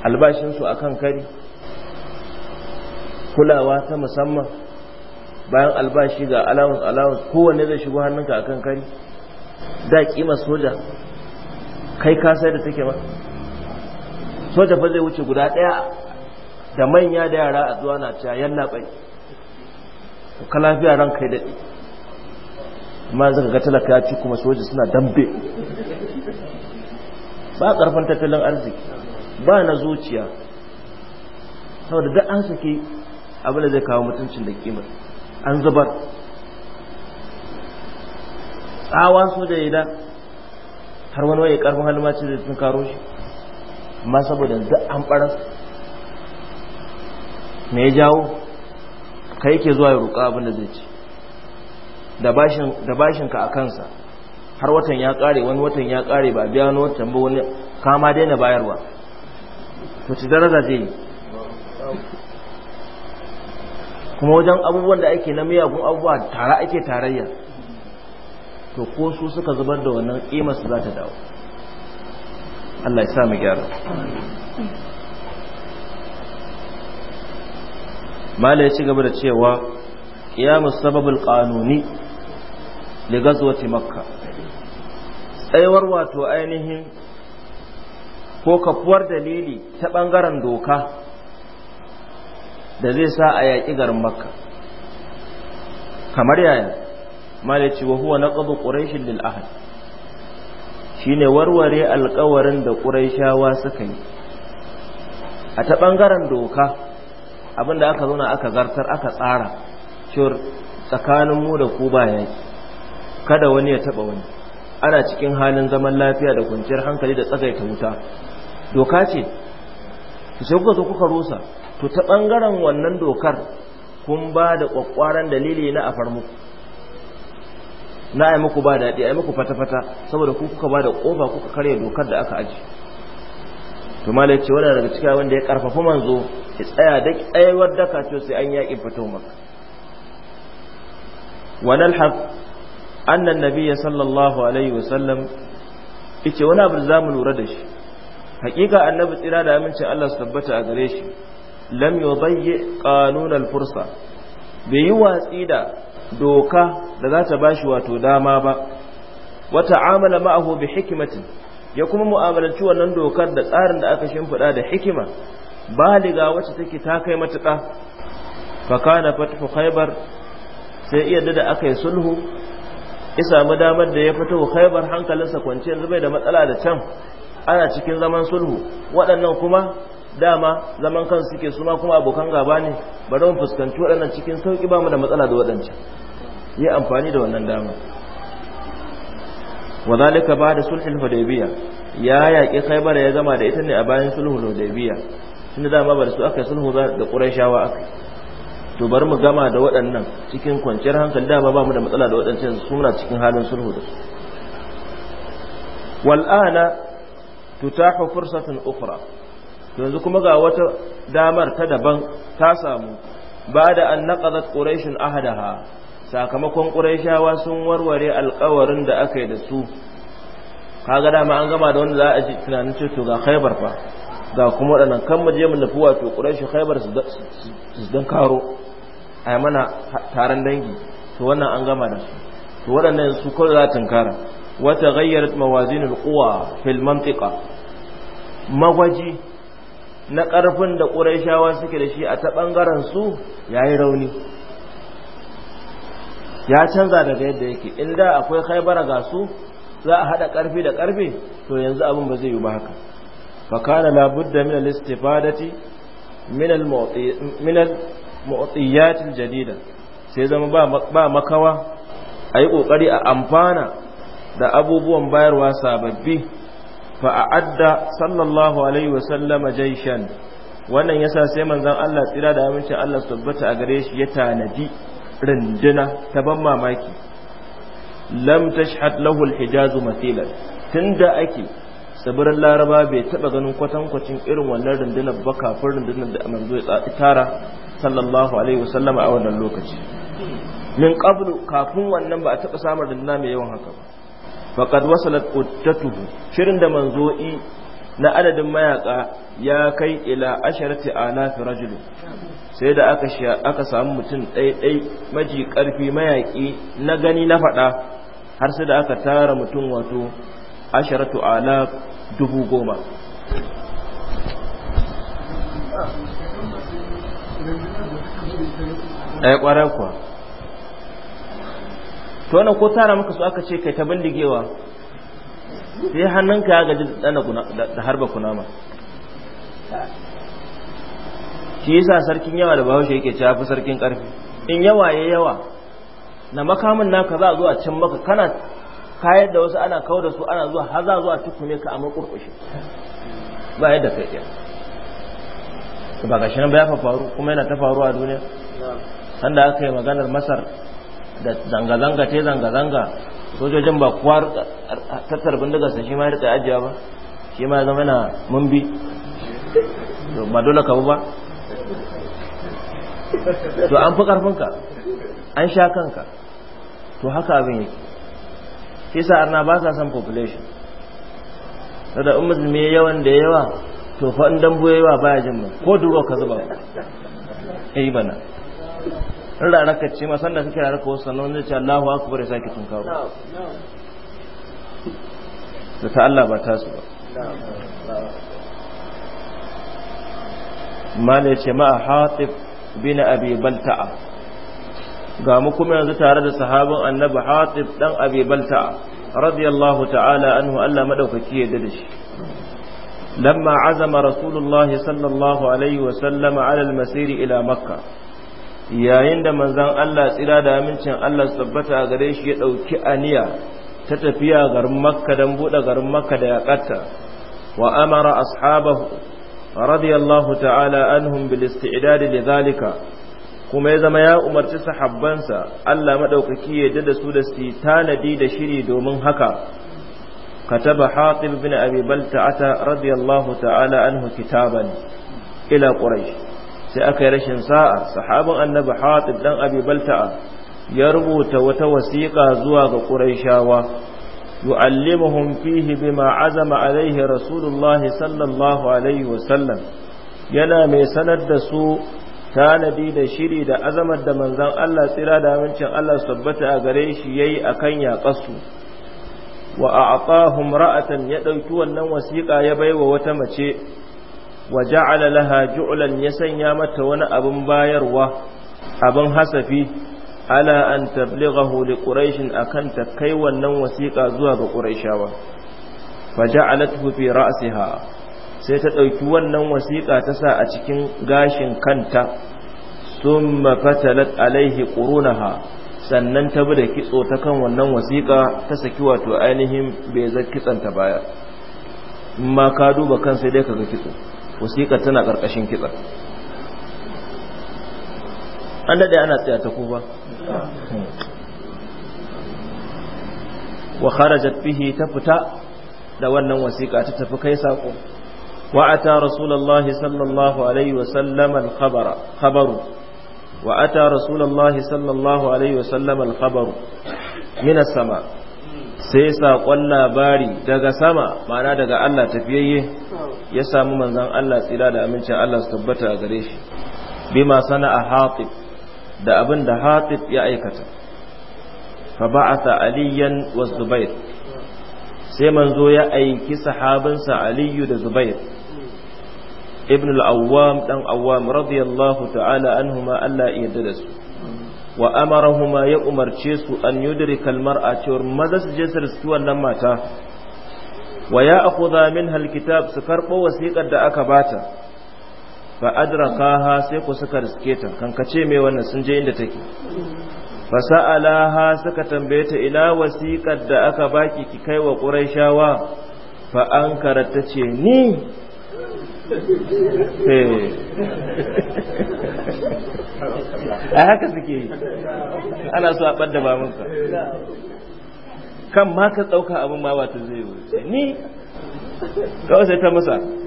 albashinsu a kan kari kulawa ta musamman bayan albashi ga alawun alawun kowanne zai shigo hannunka a kan kari da kima soja kai kasai da take ma soja fa zai wuce guda daya da manya da yara a zuwa na cewa yalla bai ka lafiya ran kai daɗi ma zaka ga talaka ya ci kuma soja suna dambe ba ƙarfin tattalin arziki ba na zuciya saboda duk an sake abin da zai kawo mutuncin da kima an zubar tsawa su da ila har wani waye karfin halin ce da sun karo shi amma saboda duk an fara, me ya jawo ka yake zuwa ya roƙa abin da zai ci da bashin ka a kansa har watan ya ƙare wani watan ya ƙare ba biya wani watan ba wani kama daina bayarwa to ci daraja zai yi kuma wajen abubuwan da ake na miyagun abubuwa tara ake tarayya to ko su suka zubar da wannan ƙimarsu za ta dawo Allah ya sa mu gyara mala ya ci gaba da cewa qiyamu sababul qanuni li gazwati makka tsayawar wato ainihin ko kafuwar dalili ta bangaren doka da zai sa a yaƙi garin makka kamar yaya mala ce wa huwa naqdu quraish lil shi shine warware alkawarin da quraishawa suka yi a ta bangaren doka Abin da aka zauna aka zartar aka tsara cewar tsakanin mu da ku ba yaki kada wani ya taba wani ana cikin halin zaman lafiya da kwanciyar hankali da tsagaita wuta doka ce to sai kuka zo kuka rusa to ta bangaren wannan dokar kun ba da kwakwaran dalili na a muku na ai muku ba daɗi ai muku fata-fata saboda ku kuka ba da ƙofa kuka karya dokar da aka aji to malai ce wannan daga cikin abin ya karfafa manzo ya tsaya da tsayawar daka to sai an yaƙi fito maka wa nalhaq anna annabiyya sallallahu alaihi wa sallam wani abu zamu lura da shi hakika annabi tsira da amincin Allah su tabbata a gare shi lam yudayyi qanun fursa bai yi watsi da doka da za ta shi wato dama ba wata amala ma'ahu bi hikmatin ya kuma mu'amalanci wannan dokar da tsarin da aka shimfiɗa da hikima baliga wacce take ta kai matuƙa fa kana fatu khaybar sai iya da aka yi sulhu isa samu damar da ya fito khaybar hankalinsa kwance yanzu bai da matsala da can ana cikin zaman sulhu waɗannan kuma dama zaman kan suke suma kuma abokan gaba ne bari mu fuskanci waɗannan cikin sauki ba mu da matsala da waɗancan yi amfani da wannan dama wa zalika ba'da sulhin hudaybiyah ya yaki khaybar ya gama da ita ne a bayan sulhul hudaybiyah tunda dama bar su aka sulhu da qurayshawa aka to bari mu gama da waɗannan cikin kwanciyar hankali dama ba mu da matsala da waɗancan su cikin halin sulhu da wal ana tutahu fursatun ukhra yanzu kuma ga wata damar ta daban ta samu ba da an naqadat quraish ahadaha sakamakon ƙurashawa sun warware alƙawarin da aka yi da su kaga dama an gama da wanda za a ji tunanin ceto ga khaibar fa ga kuma waɗannan kan mu je mu nufi wato ƙurashi khaibar su dan karo a mana taron dangi to wannan an gama da su to waɗannan su kawai za tunkara wata gayyar mawazin quwa filman tiƙa magwaji na ƙarfin da ƙurashawa suke da shi a ta ɓangaren su yi rauni ya canza daga yadda yake in da akwai khaibara ga su za a hada karfi da karfe to yanzu abin ba zai yi ba haka fa kana la budda min al-istifadati min al-mu'tiyat al-jadida sai zama ba makawa ayi kokari a amfana da abubuwan bayarwa sababbi fa a'adda sallallahu alaihi wa sallama jayshan wannan yasa sai manzon Allah tsira da aminci Allah su tabbata a gare shi ya tanadi rindina ta ban mamaki lam tashhad lahu alhijaz mathilan tunda ake tsibirin laraba bai taba ganin kwatankwacin irin wannan rundunar ba kafin rundunar da manzo ya tara sallallahu alaihi wasallama a wannan lokaci min qablu kafin wannan ba a taba samun runduna mai yawan haka ba faqad wasalat uddatuhu shirin da manzo'i na adadin mayaka ya kai ila asharati alaf rajul sai da aka aka samu mutum ɗaiɗai maji ƙarfi mayaƙi na gani na faɗa har sai da aka tara mutum wato asharatu ala dubu goma ɗaya eh, ƙwarar kuwa to wannan ko tara maka su aka ce kai ta bindigewa sai hannunka ya gaji da harba kunama shi yasa sarkin yawa da bahaushe yake cewa fi sarkin karfi in yawa ya yawa na makamin naka za a zo a cin maka kana kayar da wasu ana kawo da su ana zuwa har za a tukune ka a makurkushe ba yadda kai iya ba ga nan ba ya faru kuma yana ta faruwa a duniya sanda aka yi maganar masar da zanga-zanga te zanga-zanga sojojin ba kuwa tattar bindigarsa shi ma ya rika ajiya ba shi ma ya zama yana mun bi ba dole ka ba to an fi karfinka an sha kanka to haka abin yake shi sa arna ba sa san population da in musulmi ya yawan da yawa to fa in dambo yawa baya jin mai ko duro ka zuba ya yi bana in ka ce ma suke kake ka wasu sannan zai ce Allahu akbar ya sake tun kawo da ta Allah ba tasu ba mala ya ce ma a hatif bin abi balta'a ga mu kuma yanzu tare da sahabin annabi hatib dan abi balta'a radiyallahu ta'ala anhu Allah madaukaki ya da shi lamma azama rasulullah sallallahu alaihi wa sallama ala al-masir ila makka yayin da manzon Allah tsira da amincin Allah tabbata gare shi ya dauki aniya ta tafiya garin makka dan bude garin makka da yakarta wa amara ashabahu رضي الله تعالى عنهم بالاستعداد لذلك kuma ya zama ya umarci sahabbansa Allah madaukaki ya dada su da su tanadi da shiri domin haka kataba Hatib bin Abi Balta'ata radiyallahu ta'ala anhu kitaban ila Quraish. sai aka yi rashin sa'a sahabin Annabi Hatib dan Abi Balta'a ya rubuta wata wasiƙa zuwa ga Qurayshawa يعلمهم فيه بما عزم عليه رسول الله صلى الله عليه وسلم yana mai sanar da su tanadi da shiri da azamar da manzan Allah tsira da amincin Allah su tabbata a gare shi yayi akan yaƙasu wa a'tahum ra'atan ya ɗauki wannan wasiƙa ya baiwa wata mace wa ja'ala laha ju'lan ya sanya mata wani abin bayarwa abin hasafi ala an tablighahu li quraish akan ta kai wannan wasiƙa zuwa ga quraishawa faja'alathu fi ra'siha sai ta dauki wannan wasiƙa ta sa a cikin gashin kanta thumma fatalat alaihi qurunaha sannan ta bi da kitso ta kan wannan wasiƙa ta saki wato ainihin bai zai kitsanta baya ma ka duba kan sai dai kaga kitso wasiƙa tana ƙarƙashin kitsa an daɗe ana tsaya ta kufa wa kharajat bihi ta fita da wannan wasiƙa ta tafi kai saƙo wa ata rasulullahi sallallahu alaihi wa sallam al khabaru wa ata rasulullahi sallallahu alaihi wa sallam al-khabaru min sama sai saƙon labari daga sama ma'ana daga Allah tafiyayye ya samu manzon Allah tsira da amincin Allah su tabbata a gare shi bima sana'a hatib da abin da hatib ya aikata fa ba'atha aliyan wa zubair sai manzo ya aiki sahabinsa aliyu da zubair ibn al-awwam dan awwam radiyallahu ta'ala anhuma Allah ya da su wa amarahuma ya umarce su an yudrika al-mar'a cewar maza su je su wannan mata wa ya akhudha minha al-kitab su karbo wasiƙar da aka bata fa adrakaha sai ku suka riske ta kankace mai wannan sun je inda take fa sa'alaha suka tambaye ta ila wasiqar da aka baki ki kai wa quraishawa fa ankara ce ni eh. a haka suke yi ana so a ɓadda babanka kan ma ka ɗauka abin ma wata zai wuce ni kawai sai ta masa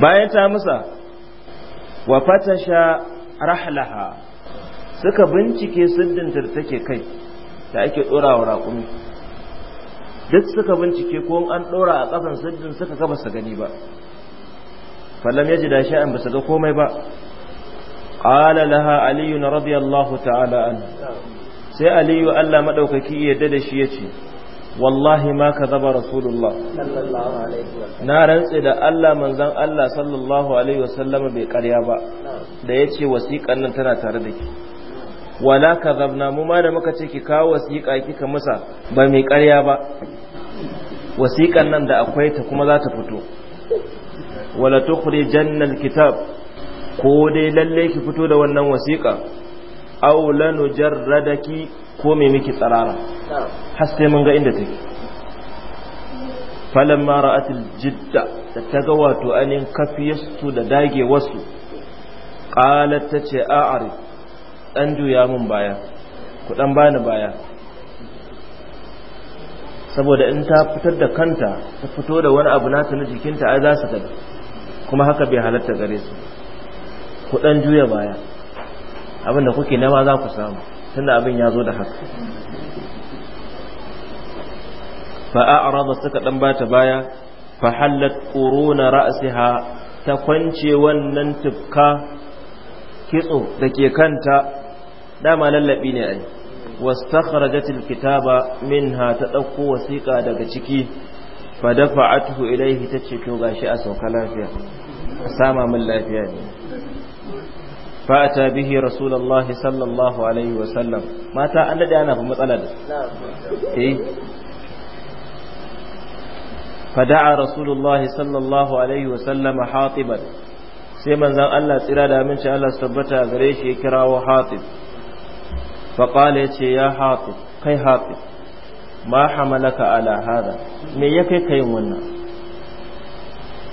bayan ta musa wa fatasha rahlaha suka bincike siddinta da take kai da ake ɗora wa raƙumi duk suka bincike ko an ɗora a ƙasan siddin suka ka basu gani ba fallam ya ji da sha'an basu ga komai ba qala laha aliyu radiyallahu ta'ala an sai aliyu Allah maɗaukaki ya yarda da shi ce. wallahi ma ka zaba rasulullah na rantse da Allah manzan Allah sallallahu alaihi wasallama bai karya ba da ya ce wasiƙan nan tana tare da ki wala ka zabna mu ma da muka ce ki kawo wasiƙa kika musa ba mai karya ba wasiƙan nan da akwai ta kuma za ta fito wala tukhrijanna alkitab ko dai lalle ki fito da wannan wasiƙa aw lanujarradaki ko me miki tsarara har sai mun ga inda take falamma ra'atil jidda ta ga wato anin kafiyastu da dage wasu qalat ta ce a'ari dan juya mun baya ku dan bani baya saboda in ta fitar da kanta ta fito da wani abu nata na jikinta ai za su tafi kuma haka bai halatta gare su ku dan juya baya abinda kuke nema za ku samu tunda abin ya zo da haka fa'a'arada suka ɗan bata baya fa hallat ƙorona ra'asiha ta kwance wannan tufka kitso da ke kanta dama lallabi ne ai wastakhrajatil kitaba minha ta ɗauko wasiƙa daga ciki fa dafa'athu ilayhi ce to gashi a sauka lafiya sama min lafiya ne فأتى به رسول الله صلى الله عليه وسلم ما تا أن دعنا في مسألة إيه؟ فدعا رسول الله صلى الله عليه وسلم حاطبا سيما زم الله ترى دامن شاء الله سبتا غريش يكرا وحاطب فقال يا حاطب كي حاطب ما حملك على هذا me ya kai kai wannan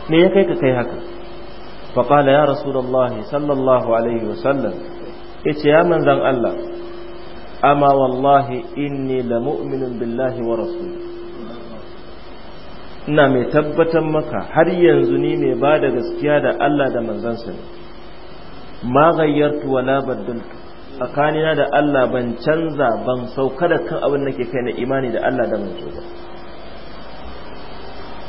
me ya kai ka kai haka فقال يا رسول الله صلى الله عليه وسلم إتي يا من ذن الله أما والله إني لمؤمن بالله ورسوله ina mai tabbatar maka har yanzu ni mai ba da gaskiya da Allah da manzansa ne ma gayyartu wala baddaltu tsakanina da Allah ban canza ban sauka da kan abin nake kai na imani da Allah da manzo ba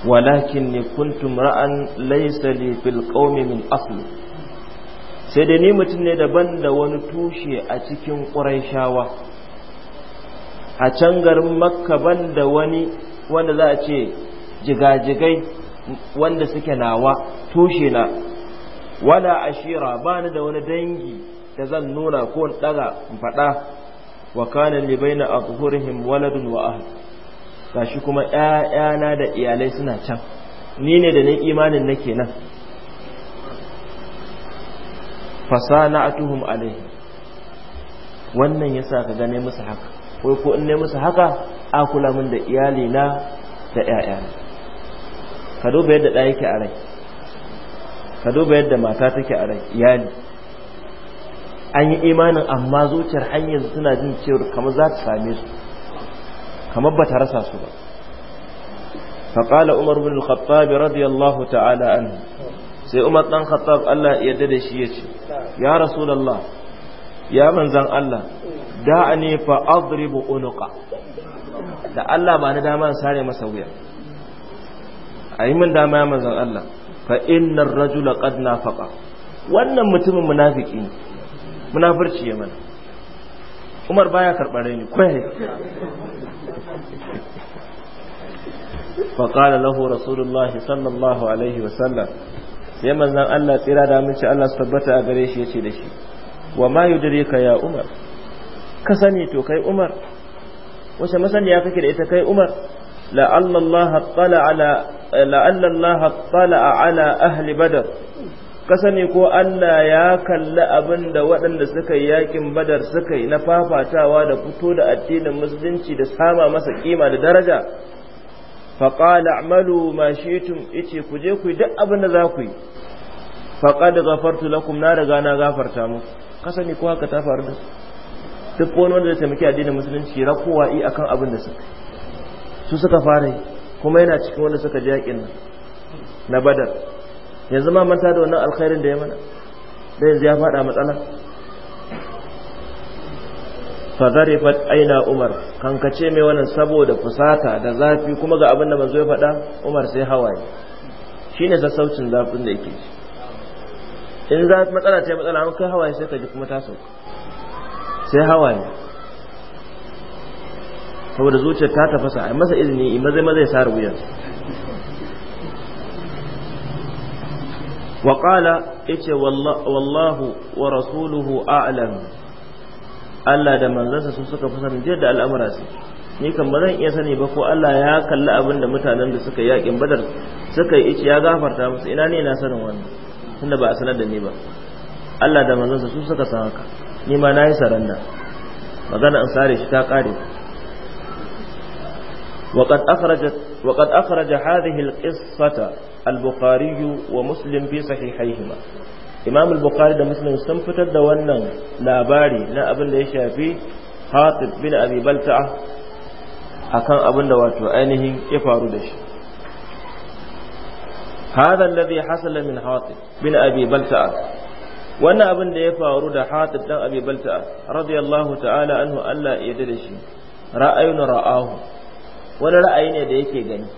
Walakin ne kuntum ra'an laysa li fil qaumi min asli sai da ni mutum ne daban da wani tushe a cikin shawa. a can garin makka ban da wani wanda za a ce jigajigai wanda suke nawa tushe na wala ashira ba ni da wani dangi da zan nuna ko daga faɗa wa kana li na abu waladun wa ahli gashi kuma ƴaƴana da iyalai suna can ni ne da ni imanin nake nan fasana'atuhum alayhi wannan yasa ka gane musu haka ko ko in ne musu haka a kula min da iyali na da ƴaƴana ka duba yadda ɗaya yake a rai ka duba yadda mata take a rai iyali an yi imanin amma zuciyar hanyar suna jin cewar kamar za ta same su kamar ba ta rasa su ba faƙala umar bin al-khattab radiyallahu ta'ala anhu sai umar dan khattab Allah ya yarda da shi ce. ya rasulullah ya manzan Allah da'ani fa adribu unuqa da Allah ba na dama sare masa wuya ayi min dama ya manzan Allah fa innar rajula qad nafaqa wannan mutumin munafiki munafirci ya mana umar baya karɓar raini kwaye faƙala lahu rasulullahi sallallahu alaihi wa sallam sai manzan allah tsira da aminci allah su tabbata a gare shi ya ce da shi wa ma yudire ka ya umar ka sani to kai umar wace masaniya kake da ita kai umar la'alla allah tsala ala ahli badar ka sani ko Allah ya kalli abin da waɗanda suka yi yakin badar suka yi na fafatawa da fito da addinin musulunci da sama masa kima da daraja faƙala amalu ma shitum ice ku je ku yi duk abin da za ku yi faƙad gafartu lakum na riga na gafarta mu ka sani ko haka ta faru da su duk wani wanda ya taimaki addinin musulunci rakowa i akan abin da suka su suka fara yi kuma yana cikin wanda suka ji yakin na badar yanzu ma manta da wannan alkhairin da ya mana da yanzu ya fada matsala fadarifat aina umar kankace mai wannan saboda fusata da zafi kuma ga abin da manzo ya faɗa umar sai hawaye shine sassaucin zafin da yake shi in za matsala ta matsala an kai hawaye sai ka ji kuma ta sauka sai hawaye saboda zuciyar ta tafasa ai masa izini in mazai mazai sa rubuyar wa qala yace wallahu wa rasuluhu a'lam Allah da manzansa su suka su ni kan iya sani ba ko Allah ya kalli abin da mutanen da suka yakin badar suka yi ya gafarta musu ina ne sanin wannan tunda ba a sanar da ni ba Allah saranda magana an sare shi ta kare وقد أخرجت وقد أخرج هذه القصة البخاري ومسلم في صحيحيهما إمام البخاري ده مسلم سنفتر ده ونن لا باري لا أبن ده شافي خاطب بن أبي بلتعة أكان أبن ده واتو أينه يفارو دش هذا الذي حصل من حاطب بن أبي بلتعة وانا أبن ده يفارو ده حاطب بن أبي بلتعة رضي الله تعالى عنه ألا يددش رأينا رآه wani ra'ayi ne da yake gani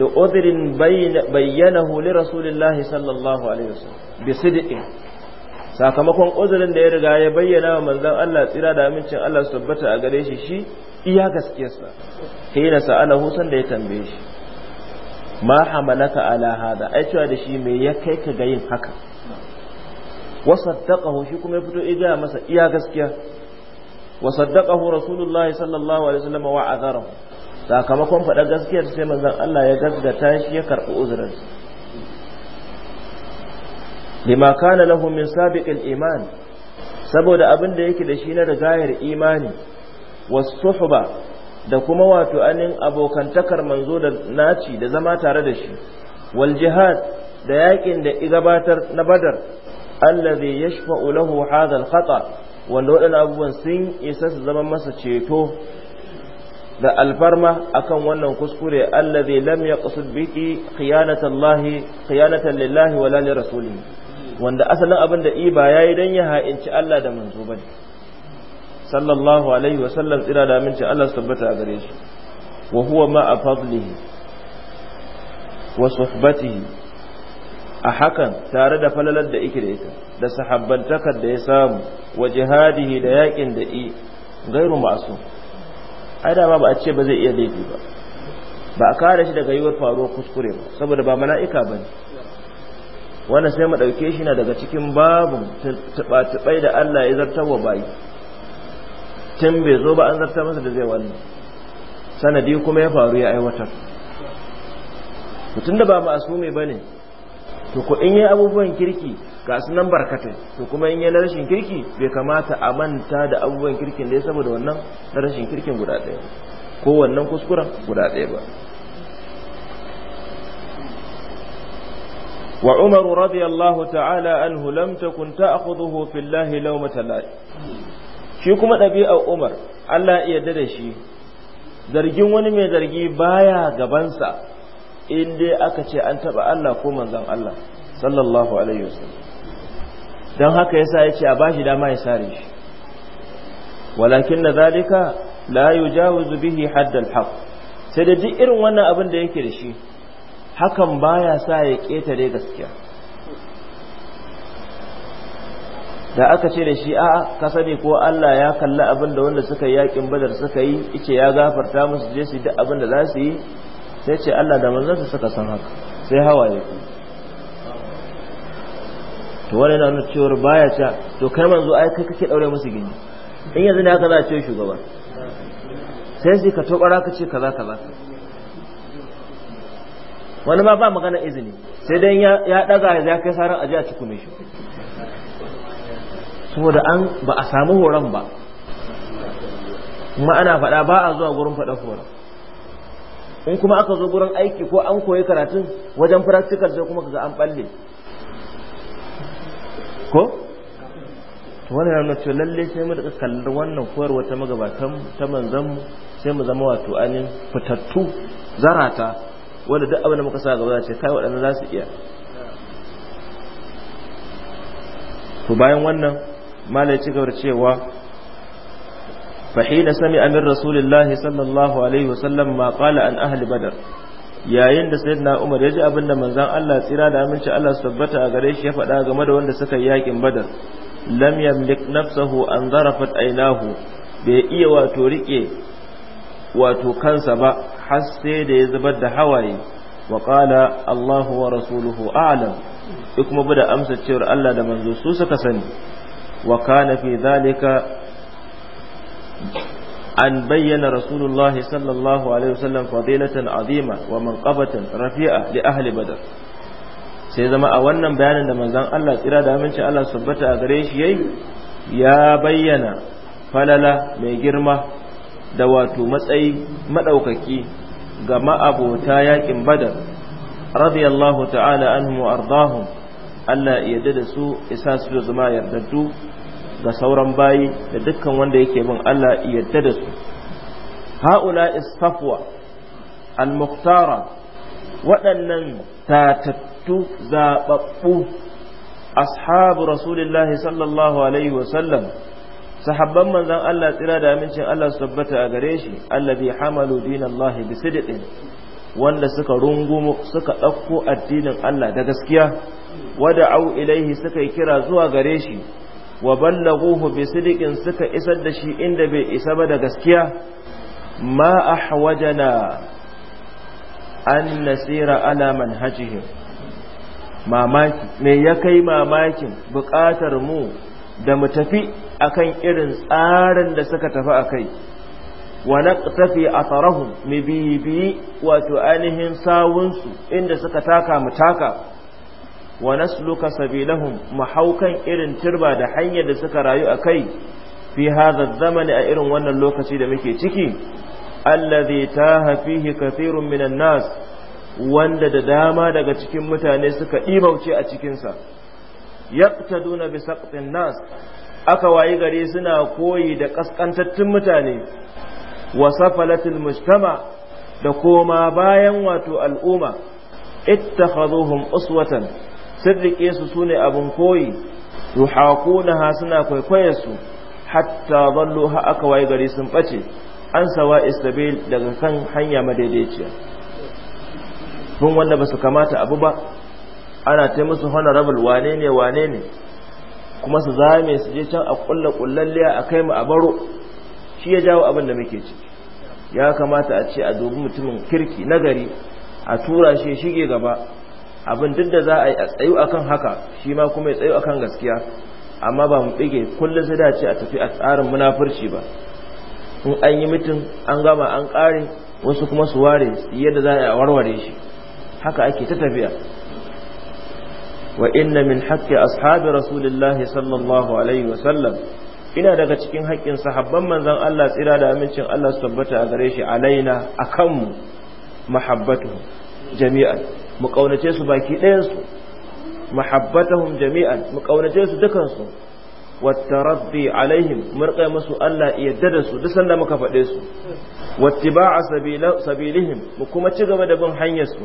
li'udhrin bayyanahu li rasulillahi sallallahu alaihi wasallam bi sidqin sakamakon uzurin da ya riga ya bayyana wa manzon Allah tsira da amincin Allah su tabbata a gare shi shi iya gaskiyarsa hina sa'ala husan da ya tambaye shi ma hamalaka ala hada ai cewa da shi me ya kai ka ga yin haka wa saddaqahu shi kuma ya fito ya masa iya gaskiya wa saddaqahu rasulullahi sallallahu alaihi wasallam wa azarahu sakamakon faɗa gaskiyar sai manzan Allah ya gasgata shi ya karɓi uzurin lima kana lahu min sabiqil iman saboda abin da yake da shi na rigayar imani wasuhba da kuma wato anin abokantakar manzo da naci da zama tare da shi wal jihad da yakin da igabatar na badar allazi yashfa'u lahu hadha al khata wanda wadannan abubuwan sun isa su zama masa ceto da alfarma akan wannan kuskure allazi lam yaqsud biki khiyanatallahi khiyanatan lillahi wala wanda asalin abin da iba yayi dan ya ha'inci Allah da manzo bane sallallahu alaihi wa sallam tsira da aminci Allah tabbata a gare shi wa huwa ma fadlihi wa suhbatihi a hakan tare da falalar da ike da ita da sahabbantakar da ya samu wa jihadihi da yakin da i gairu ma'sum ai dama ba a ce ba zai iya laifi ba ba a kare shi daga yiwuwar faruwar kuskure ba saboda ba mala'ika ba ne wannan sai mu ɗauke shi na daga cikin babin tuɓa-tuɓai da Allah ya zartar wa bayi tun bai zo ba an zartar masa da zai wani sanadi kuma ya faru ya aiwatar mutum da ba ma'asumi ba ne to ko in yi abubuwan kirki ga su nan barkatai to kuma in yi na rashin kirki bai kamata a manta da abubuwan kirkin da ya saboda wannan na rashin kirkin guda ɗaya ko wannan kuskuren guda ɗaya ba wa umar radiyallahu ta'ala anhu lam takun ta'khudhuhu fillahi lawmata la'i shi kuma ɗabi'a umar Allah ya yarda da shi zargin wani mai zargi baya gabansa in dai aka ce an taba Allah ko manzon Allah sallallahu alaihi wasallam dan haka yasa yace a bashi dama ya sare shi walakin na zalika la yujawizu bihi haddal haqq sai da duk irin wannan abin da yake da shi hakan baya sa ya ketare gaskiya da aka ce da shi a ka sani ko Allah ya kalli abin da wanda suka yi yakin badar suka yi ice ya gafarta musu je su yi duk abin da za su yi sai ce Allah da manzansa suka san haka sai hawaye ku to wani na nuna cewar baya ca to kai manzo ai kai kake daure musu gini in yanzu ne haka za a ce shugaba sai sai ka tobara ka ce kaza kaza wani ma ba magana izini sai dai ya daga ya kai saran aje a cikume shi saboda an ba a samu horon ba kuma ana faɗa ba a zuwa gurin faɗa horon in kuma aka zo gurin aiki ko an koyi karatun wajen practical sai kuma kaga an balle ko to wannan yana lalle sai mu daga kallon wannan koyar wata magabatan ta manzan mu sai mu zama wato anin fitattu zarata wanda duk abin da muka sa gaba za ce kai waɗannan za su iya to bayan wannan malai ci gaba da cewa fahina sami amin rasulullahi sallallahu alaihi wasallam ma qala an ahli badar yayin da na umar ya ji abin da manzon Allah tsira da aminci Allah su tabbata a gare shi ya faɗa game da wanda suka yi yakin badar lam yamlik nafsahu an zarafat ainahu bai iya wato rike wato kansa ba har sai da ya zubar da hawaye wa qala Allahu wa rasuluhu a'lam duk kuma bada amsa cewar Allah da manzo su suka sani wa kana fi zalika أن بين رسول الله صلى الله عليه وسلم فضيلة عظيمة ومنقبة رفيعة لأهل بدر sai zama a wannan bayanin da manzon Allah tsira da aminci Allah subbata a gare shi yayi ya bayyana falala mai girma da wato matsayi madaukaki ga ma'abota yakin badar radiyallahu ta'ala anhum wa ardahum Allah ya yarda da su isa su zama yardaddu ga sauran bayi da dukkan wanda yake bin Allah yadda da su haula istafwa al-muqtara waɗannan tatattu zababbu ashabu rasulillahi sallallahu alaihi wa sallam sahabban manzon Allah tsira da amincin Allah su tabbata a gare shi alladhi hamalu dinallahi bisidqin wanda suka rungumo suka ɗauko addinin Allah da gaskiya wada au ilaihi suka yi kira zuwa gare shi wa ballaghuhu bi sidiqin suka isar da shi inda bai isa ba da gaskiya ma ahwajana an nasira ala manhajihim mamaki me ya kai mamakin buƙatar mu da mu tafi akan irin tsarin da suka tafi akai wa naqtafi atharahum mu bibi wato ainihin sawunsu inda suka taka mu taka wa nasluka sabilahum mu haukan irin turba da hanyar da suka rayu a kai fi hadha zamani a irin wannan lokaci da muke ciki allazi taha fihi kathirun minan nas wanda da dama daga cikin mutane suka dibauce a cikinsa yaqtaduna bi saqtin nas aka wayi gare suna koyi da kaskantattun mutane wa safalatil mujtama da koma bayan wato al'umma ittakhaduhum uswatan sirrike su sune abin koyi ha suna kwaikwaye su hatta zallo ha aka waye gari sun ɓace an sawa istabil daga kan hanya madaidaiciya mun wanda ba su kamata abu ba ana ta musu honorable wane ne wane ne kuma su zame su je can a kulla kullalliya a kai mu a baro shi ya jawo abin da muke ciki ya kamata a ce a dubi mutumin kirki nagari a tura shi shige gaba abin duk da za a yi a tsayu akan haka shi ma kuma ya tsayu akan gaskiya amma ba mu bige kullum sai dace a tafi a tsarin munafurci ba in an yi mutum an gama an kare wasu kuma su ware yadda za a yi a warware shi haka ake ta tafiya wa inna min haqqi ashabi rasulillahi sallallahu alaihi wa sallam ina daga cikin haƙƙin sahabban manzon Allah tsira da amincin Allah su tabbata a gare shi alaina akan mu mahabbatu jami'an mu kaunace su baki ɗayan su muhabbatahum jami'an mu kaunace su dukan su wattaraddi alaihim murƙa musu Allah yadda da su duk sanda muka faɗe su wattiba'a sabilihim mu kuma ci gaba da bin hanyar su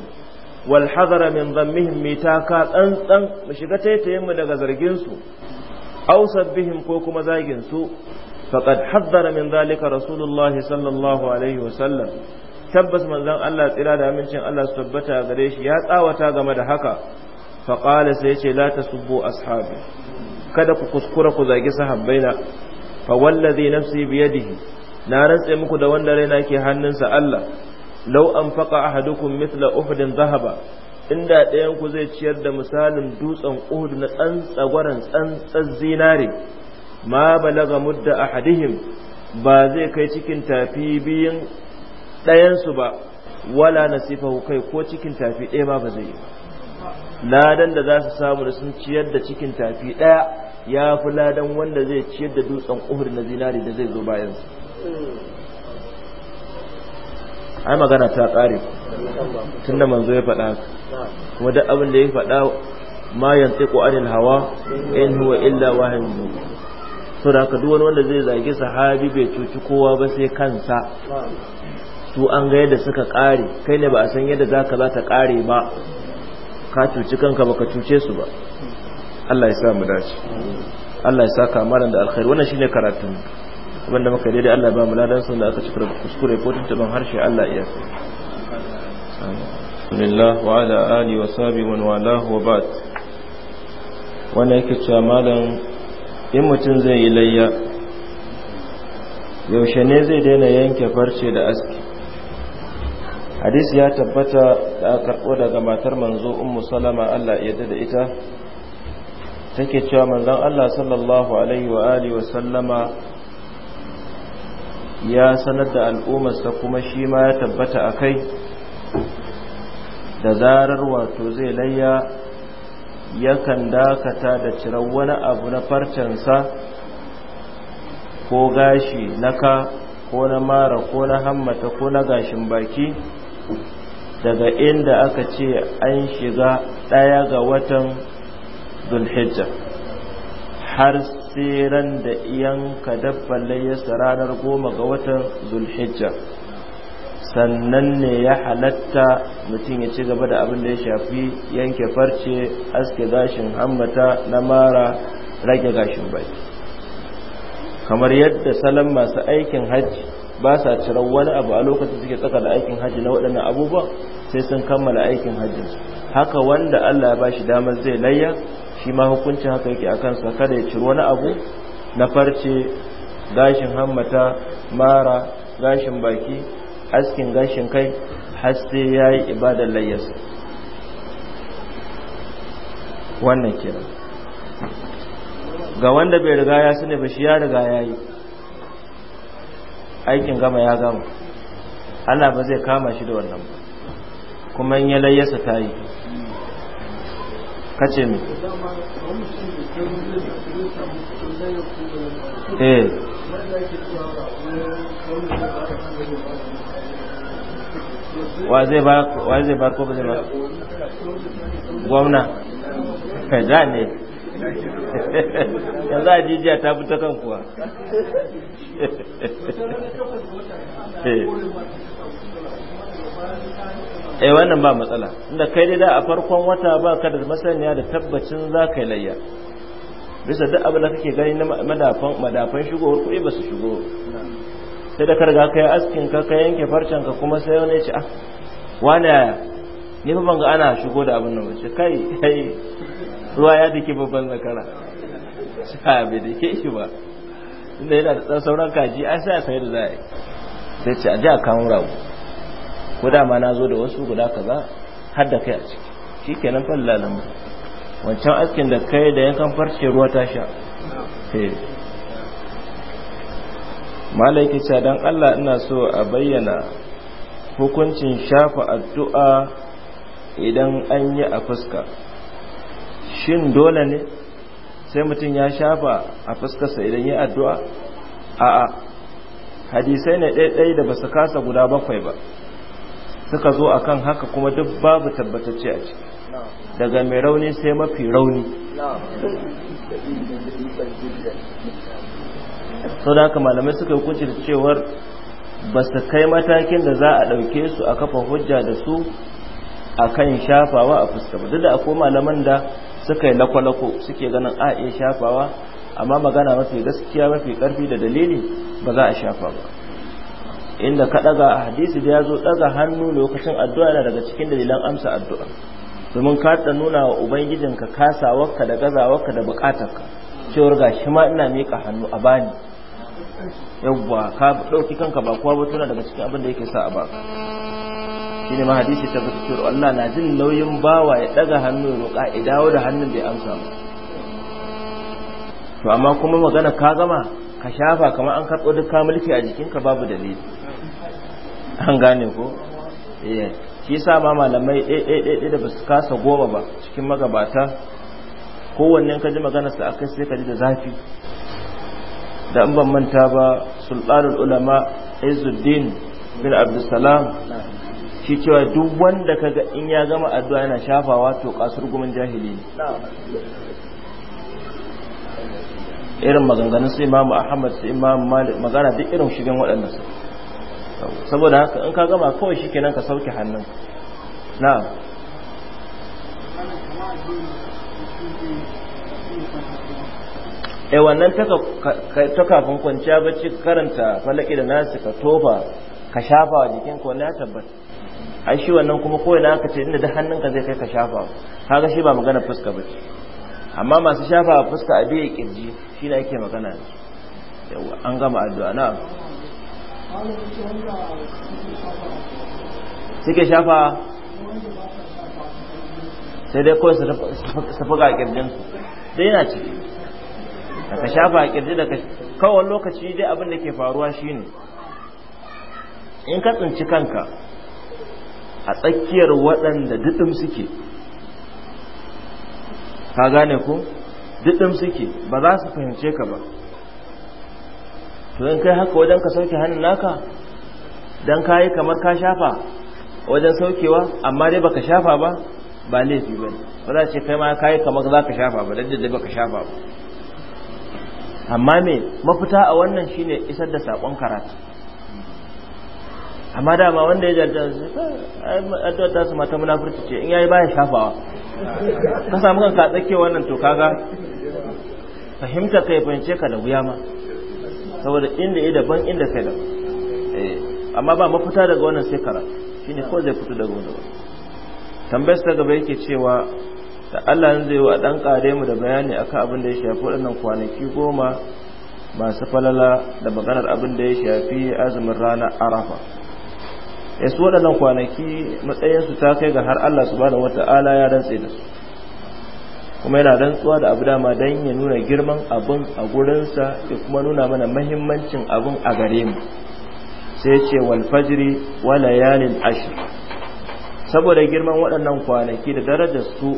wal hadara min dhammihim mitaka tsantsan mu shiga taitayen mu daga zargin su aw sabbihim ko kuma zagin su faqad haddara min zalika rasulullahi sallallahu alaihi wa sallam tabbas manzon Allah tsira da amincin Allah su tabbata gare shi ya tsawata game da haka fa qala sai yace la tasubbu ashabi kada ku kuskura ku zagi sahabbaina fa wallazi nafsi biyadihi na rantse muku da wanda raina ke hannunsa Allah law anfaqa ahadukum mithla uhudin zahaba inda ɗayan ku zai ciyar da misalin dutsen uhud na tsantsagwaran tsantsar zinare ma balaga mudda ahadihim ba zai kai cikin tafi biyin ɗayansu ba wala nasifahu kai ko cikin tafi ɗaya ba ba zai yi ladan da za su samu da sun ciyar da cikin tafi ɗaya ya fi ladan wanda zai ciyar da dutsen uhur na zinari da zai zo bayansu ai magana ta ƙare tun da manzo ya faɗa kuma duk abin da ya faɗa ma yanzu ko anil hawa in huwa illa wahin yuha saboda haka duk wani wanda zai zage sahabi bai cuci kowa ba sai kansa su an ga yadda suka kare kai ne ba a san yadda zaka za ta kare ba ka cuci kanka baka cuce su ba Allah ya sa mu dace Allah ya ka malam da alkhairi wannan shine karatu abinda muka daidai Allah ba mu ladan sun da aka cikar kuskure ko ban harshe Allah ya sa Bismillah wa ala ali wa sabi wa walahu wa Bat wannan yake cewa malam in mutum zai yi layya yaushe ne zai daina yanke farce da aski hadisi ya tabbata da aka karɓo daga matar manzo ummu salama Allah ya da ita take cewa manzon Allah sallallahu alaihi wa alihi wa sallama ya sanar da sa kuma shi ma ya tabbata akai da zarar wato zai layya yakan dakata da ciran wani abu na farcen sa ko gashi na ka ko na mara ko na hammata ko na gashin baki daga inda aka ce an shiga ɗaya ga watan zulhijja har ran da iyan dabbalai ya ranar goma ga watan zulhijja sannan ne ya halatta mutum ya ci gaba da abin da ya shafi yanke farce aske gashin hammata na mara rage gashin baki kamar yadda salon masu aikin hajji ba sa ciran wani abu a lokacin suke tsaka da aikin hajji na waɗannan abubuwa sai sun kammala aikin hajji. haka wanda Allah ya bashi damar zai layya shi ma hukuncin haka yake a kansa kada ya ciri wani abu na farce gashin hammata mara gashin baki askin gashin kai har sai ya yi ibadar layyarsa wannan kenan ga wanda bai riga ya sani ba shi ya riga ya yi aikin gama ya gama Allah ba zai kama shi da wannan kuma in ya layyasa ta yi kace mi eh wa zai ba ko ba zai ba gwamna kaza ne yanzu a jijiya ta fi ta kan kuwa eh wannan ba matsala inda kai dai da a farkon wata ba ka da masaniya da tabbacin za ka yi layya bisa duk abin da kake gani na madafan madafan shigowar kuɗi ba su shigo sai da karga kai askin ka ka yanke farcen ka kuma sai wani ci ah wani ni fa ban ga ana shigo da abin nan ba ce kai kai ruwa ya dake babban zakara a bai dake shi ba inda yana da sauran kaji ai sai a da za sai ce a ji a kawo rago ko dama na zo da wasu guda kaza har da kai a ciki shi nan falla lamu wancan askin da kai da yankan farce ruwa ta sha eh. malaiki ce don allah ina so a bayyana hukuncin shafa addu'a idan an yi a fuska shin dole ne sai mutum ya shafa a fuskarsa idan ya addu'a a'a hadisai ne ɗaiɗai da ba su kasa guda bakwai ba suka zo akan haka kuma duk babu tabbatacce a ciki daga mai rauni sai mafi rauni sau da haka malamai suka hukunci da cewar ba su kai matakin da za a ɗauke su a kafa hujja da su a kan shafawa a fuska ba duk da akwai malaman da suka yi lakwalako suke ganin a iya shafawa amma magana mafi gaskiya mafi karfi da dalili ba za a shafa ba inda ka daga hadisi da ya zo daga hannu lokacin addu'a yana daga cikin dalilan amsa addu'a domin ka ta nuna wa ubangijinka kasawarka da gazawarka da bukatarka cewar ga shi ma ina miƙa hannu a bani yawwa ka ɗauki kanka ba kowa ba tuna daga cikin abin da yake sa a baka shine ma hadisi ta bata Allah na jin nauyin bawa ya daga hannu ya roƙa ya dawo da hannun bai amsa ba to amma kuma magana ka gama ka shafa kamar an karɓo duk mulki a jikinka babu dalili an gane ko eh shi sa ma malamai eh da basu kasa goma ba cikin magabata kowannen ka ji maganarsa akai sai ka ji da zafi da an ban manta ba sultanul ulama izuddin bin abdussalam shi cewa duk wanda kaga in ya gama addu'a yana shafawa to kasar gumin jahili ne irin maganganun su imamu ahmad su imamu malik magana duk irin shigen waɗannan su saboda haka in ka gama kawai shi kenan ka sauke hannun na'am e wannan ta kafin kwanciya bacci karanta falaki da nasu ka tofa ka shafa wa jikinka wannan ya tabbata ai shi wannan kuma ko ina aka ce inda da hannunka zai kai ka shafa kaga shi ba magana fuska ba ce amma masu shafa a fuska a biya kirji shi ne ake magana yawa an gama addu'a na suke shafa sai dai kawai su fuga a sai dai yana ciki da ka shafa a kirji da kawai lokaci dai abin da ke faruwa shine in ka tsinci kanka a tsakiyar waɗanda duɗin suke ka gane ko duɗin suke ba za su fahimce ka ba to in kai haka wajen ka sauke hannun naka don kayi kamar ka shafa wajen saukewa amma dai baka shafa ba ba laifi ba ba za ce kai ma yi kamar za ka shafa ba da baka shafa ba amma me mafita a wannan shine isar da saƙon karatu amma dama wanda ya jarta su addu'a ta su mata munafurci ce in yayi baya shafawa ka samu ka tsake wannan to kaga fahimta kai fahimce ka da wuya ma saboda inda ya daban inda kai da eh amma ba mafita daga wannan sai kara shine ko zai fito daga wannan tambayar ta gaba yake cewa da Allah zai wa a dan kare mu da bayani akan abin da ya shafi waɗannan kwanaki goma masu falala da maganar abin da ya shafi azumin ranar arafa ya eh, su waɗannan kwanaki matsayinsu ta kai ga har Allah subhanahu wata'ala ya rantse da su kuma yana rantsuwa da abu dama don ya nuna girman abun a gurinsa ya kuma nuna mana mahimmancin abun a gare mu sai ce walfajiri fajri wa layalin saboda girman waɗannan kwanaki da darajar su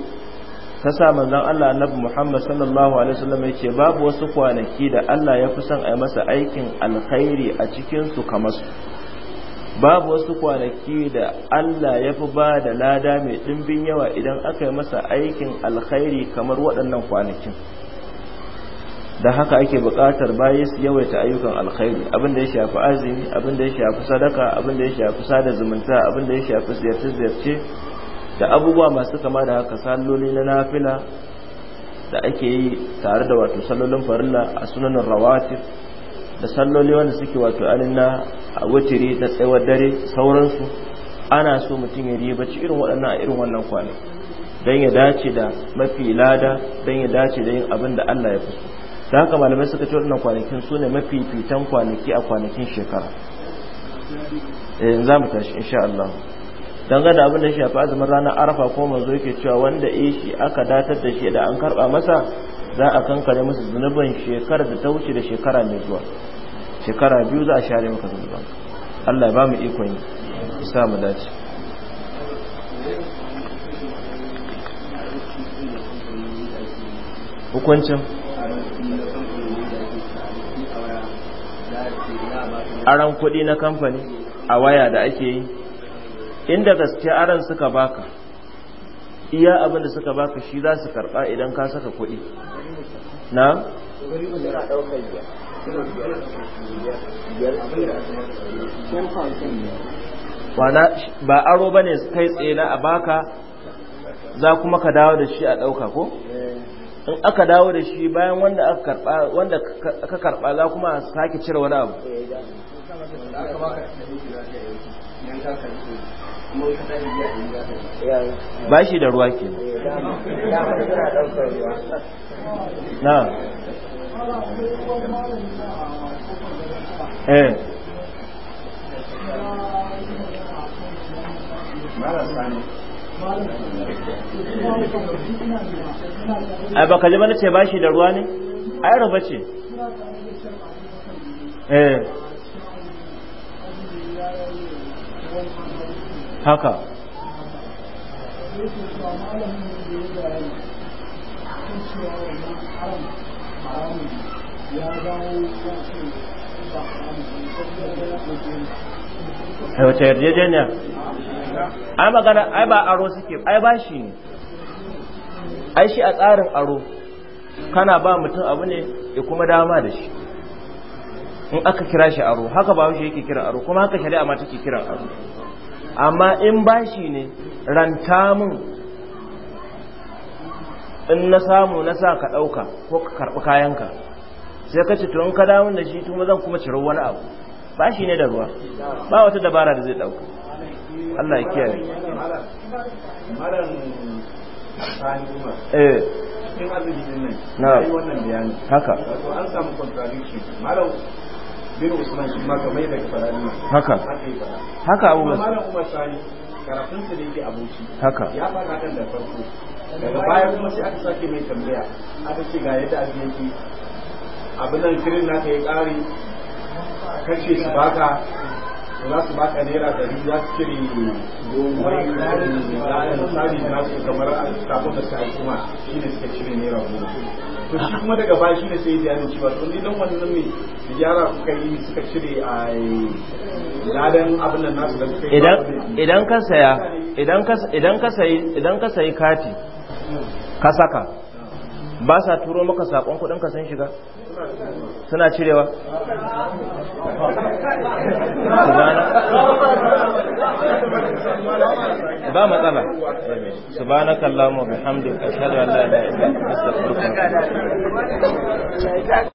ta sa manzon Allah annabi Muhammad sallallahu alaihi wasallam ya ce babu wasu kwanaki da Allah ya fi son a yi masa aikin alkhairi a cikin su kamar su babu wasu kwanaki da Allah ya fi ba da lada mai ɗimbin yawa idan aka yi masa aikin alkhairi kamar waɗannan kwanakin da haka ake buƙatar bayi su yawaita ayyukan alkhairi abin da ya shafi azumi abin da ya shafi sadaka abin da ya shafi sada zumunta abin da ya shafi ziyarce-ziyarce da abubuwa masu kama da haka salloli na nafila da ake yi tare da wato sallolin farilla a sunanin rawatib da salloli wanda suke wato anin na wutiri da tsawar dare sauransu ana so mutum ya ci irin waɗannan a irin wannan kwana don ya dace da mafi lada don ya dace da yin abin da Allah ya fuso da haka malamai suka ce waɗannan kwanakin su ne mafi fitan kwanaki a kwanakin shekara eh, za mu tashi insha Allah dangane da abin da shafi azumin ranar arafa ko mazo yake cewa wanda ishi aka datar da shi da an karba masa za a kankare musu zunuban shekarar da ta wuce da shekara mai zuwa shekara biyu za a share maka zunuban Allah ba mu ikon yi sa mu dace hukuncin aran kudi na kamfani a waya da ake yi inda gaske aran suka baka iya abin da suka baka shi za su karba idan ka saka kuɗi na Wana ba aro ba ne kai tsaye na a baka za kuma ka dawo da shi a ɗauka ko in aka dawo da shi bayan wanda aka karba wanda aka karba za kuma sake cire wani abu eh, ba shi da ruwa ke na eh a baka ji mana ce ba shi da ruwa ne ai rufa ce eh haka eh, ai yarjejeniya ai magana ai ba aro suke ai ba shi ne ai shi a tsarin aro kana ba mutum abu ne ya kuma dama da shi in aka kira shi aro haka ba shi yake kira aro kuma haka shari'a ma take kiran aro amma in bashi ne ranta mun in na samu na sa ka ɗauka ko ka karɓi kayanka sai ka ci tun ka damun da shi tun zan kuma ciro wani abu bashi ne da ruwa ba wata dabara da zai ɗauka Allah ya kiyaye eh cikin nan na wannan haka wato an samu contradiction malam bin usman shi ma kamar yadda farani haka haka abu ba malam umar sani karatun sa ne ke abuci haka ya fara kan da farko daga baya kuma sai aka sake mai tambaya aka ce ga yadda ake yi abin nan kirin naka ya kare kashe su baka za su baka naira dari za su cire goma da misali na su kamar a kafin da suka kuma shi ne suka cire naira goma to shi kuma daga baya shi ne sai bayanin ba to ni dan wannan ne ziyara suka yi suka cire a ladan abin nan nasu da suka yi idan ka saya idan ka sayi kati ka saka ba sa turo maka sakon kudin ka sun shiga suna cirewa ba matsala subhanakallahumma bihamdika ashhadu an la ilaha illa anta astaghfiruka wa atubu